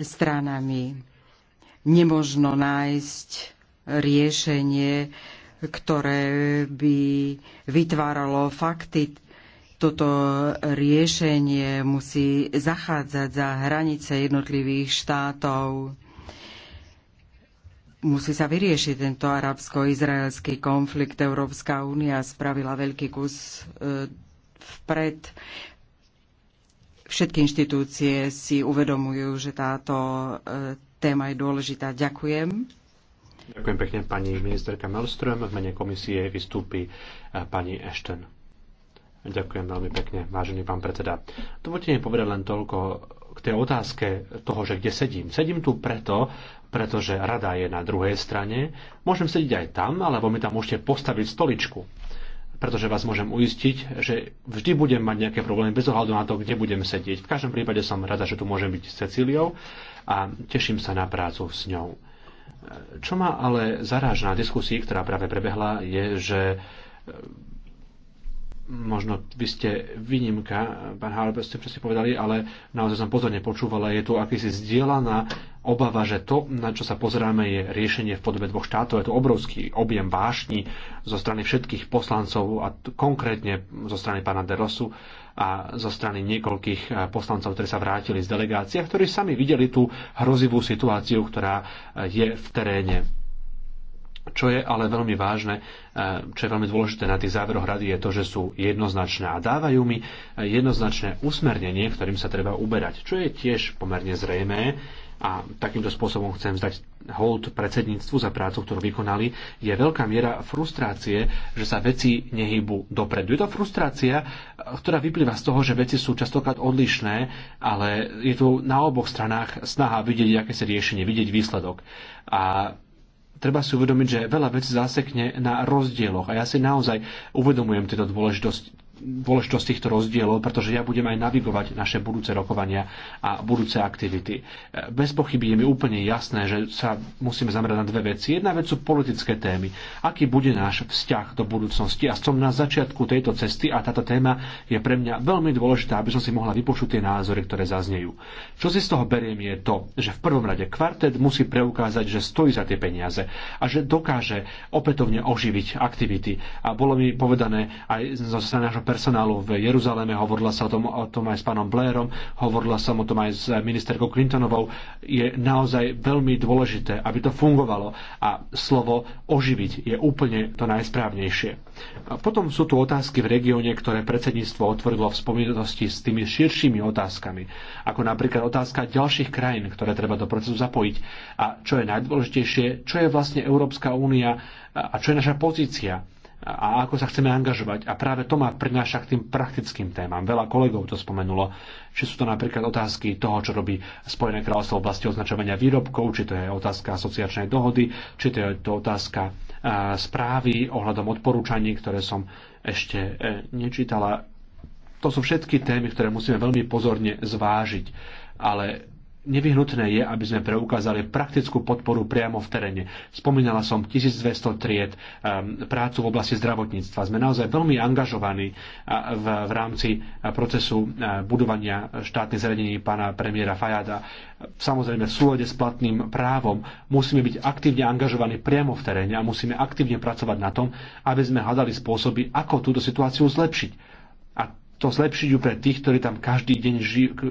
stranami. Nemožno nájsť riešenie, ktoré by vytváralo fakty toto riešenie musí zachádzať za hranice jednotlivých štátov. Musí sa vyriešiť tento arabsko-izraelský konflikt. Európska únia spravila veľký kus e, vpred. Všetky inštitúcie si uvedomujú, že táto e, téma je dôležitá. Ďakujem. Ďakujem pekne pani ministerka Melström. V mene komisie vystúpi e, pani Ashton. Ďakujem veľmi pekne, vážený pán predseda. Dovolte mi povedať len toľko k tej otázke toho, že kde sedím. Sedím tu preto, pretože rada je na druhej strane. Môžem sedieť aj tam, alebo mi tam môžete postaviť stoličku pretože vás môžem uistiť, že vždy budem mať nejaké problémy bez ohľadu na to, kde budem sedieť. V každom prípade som rada, že tu môžem byť s Cecíliou a teším sa na prácu s ňou. Čo ma ale zaráža na diskusii, ktorá práve prebehla, je, že možno vy ste výnimka, pán Halber, ste presne povedali, ale naozaj som pozorne počúval, je tu akýsi zdieľaná obava, že to, na čo sa pozeráme, je riešenie v podobe dvoch štátov. Je to obrovský objem vášni zo strany všetkých poslancov a konkrétne zo strany pána Derosu a zo strany niekoľkých eh, poslancov, ktorí sa vrátili z delegácie, ktorí sami videli tú hrozivú situáciu, ktorá eh, je v teréne čo je ale veľmi vážne, e, čo je veľmi dôležité na tých záveroch rady, je to, že sú jednoznačné a dávajú mi e, jednoznačné usmernenie, ktorým sa treba uberať, čo je tiež pomerne zrejmé, a takýmto spôsobom chcem zdať hold predsedníctvu za prácu, ktorú vykonali, je veľká miera frustrácie, že sa veci nehybu dopredu. Je to frustrácia, e, ktorá vyplýva z toho, že veci sú častokrát odlišné, ale je tu na oboch stranách snaha vidieť aké sa riešenie, vidieť výsledok. A treba si uvedomiť, že veľa vecí zásekne na rozdieloch. A ja si naozaj uvedomujem tieto dôležitosti dôležitosť týchto rozdielov, pretože ja budem aj navigovať naše budúce rokovania a budúce aktivity. Bez pochyby je mi úplne jasné, že sa musíme zamerať na dve veci. Jedna vec sú politické témy. Aký bude náš vzťah do budúcnosti? A som na začiatku tejto cesty a táto téma je pre mňa veľmi dôležitá, aby som si mohla vypočuť tie názory, ktoré zaznejú. Čo si z toho beriem je to, že v prvom rade kvartet musí preukázať, že stojí za tie peniaze a že dokáže opätovne oživiť aktivity. A bolo mi povedané aj zo strany nášho personálu v Jeruzaleme, hovorila sa o tom, o tom aj s pánom Blairom, hovorila som o tom aj s ministerkou Clintonovou. Je naozaj veľmi dôležité, aby to fungovalo a slovo oživiť je úplne to najsprávnejšie. A potom sú tu otázky v regióne, ktoré predsedníctvo otvorilo v spomínosti s tými širšími otázkami, ako napríklad otázka ďalších krajín, ktoré treba do procesu zapojiť. A čo je najdôležitejšie, čo je vlastne Európska únia a čo je naša pozícia a ako sa chceme angažovať. A práve to ma prináša k tým praktickým témam. Veľa kolegov to spomenulo, či sú to napríklad otázky toho, čo robí Spojené kráľovstvo v oblasti označovania výrobkov, či to je otázka asociačnej dohody, či to je to otázka správy ohľadom odporúčaní, ktoré som ešte e, nečítala. To sú všetky témy, ktoré musíme veľmi pozorne zvážiť, ale nevyhnutné je, aby sme preukázali praktickú podporu priamo v teréne. Spomínala som 1200 tried, um, prácu v oblasti zdravotníctva. Sme naozaj veľmi angažovaní v, v rámci procesu budovania štátnych zariadení pána premiéra Fajada. Samozrejme v súlede s platným právom musíme byť aktívne angažovaní priamo v teréne a musíme aktívne pracovať na tom, aby sme hľadali spôsoby, ako túto situáciu zlepšiť to zlepšiť ju pre tých, ktorí tam každý deň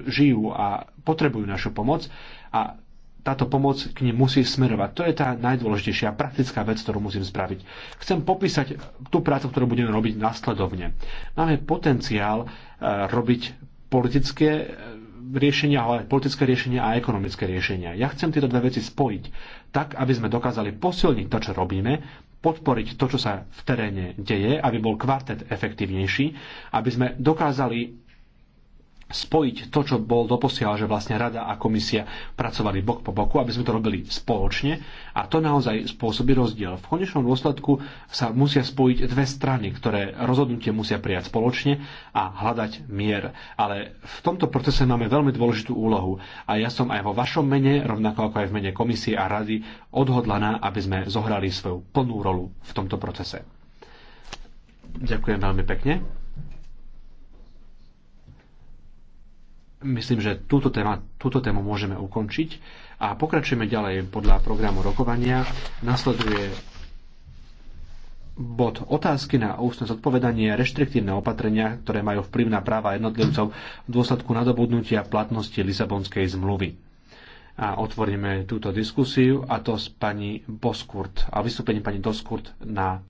žijú a potrebujú našu pomoc a táto pomoc k nim musí smerovať. To je tá najdôležitejšia praktická vec, ktorú musím spraviť. Chcem popísať tú prácu, ktorú budeme robiť následovne. Máme potenciál e, robiť politické e, riešenia, ale politické riešenia a ekonomické riešenia. Ja chcem tieto dve veci spojiť tak, aby sme dokázali posilniť to, čo robíme podporiť to, čo sa v teréne deje, aby bol kvartet efektívnejší, aby sme dokázali spojiť to, čo bol doposiaľ, že vlastne Rada a Komisia pracovali bok po boku, aby sme to robili spoločne a to naozaj spôsobí rozdiel. V konečnom dôsledku sa musia spojiť dve strany, ktoré rozhodnutie musia prijať spoločne a hľadať mier. Ale v tomto procese máme veľmi dôležitú úlohu a ja som aj vo vašom mene, rovnako ako aj v mene Komisie a Rady, odhodlaná, aby sme zohrali svoju plnú rolu v tomto procese. Ďakujem veľmi pekne. myslím, že túto, téma, túto tému môžeme ukončiť a pokračujeme ďalej podľa programu rokovania. Nasleduje bod otázky na ústne zodpovedanie reštriktívne opatrenia, ktoré majú vplyv na práva jednotlivcov v dôsledku nadobudnutia platnosti Lisabonskej zmluvy. A otvoríme túto diskusiu a to s pani Boskurt a vystúpením pani Doskurt na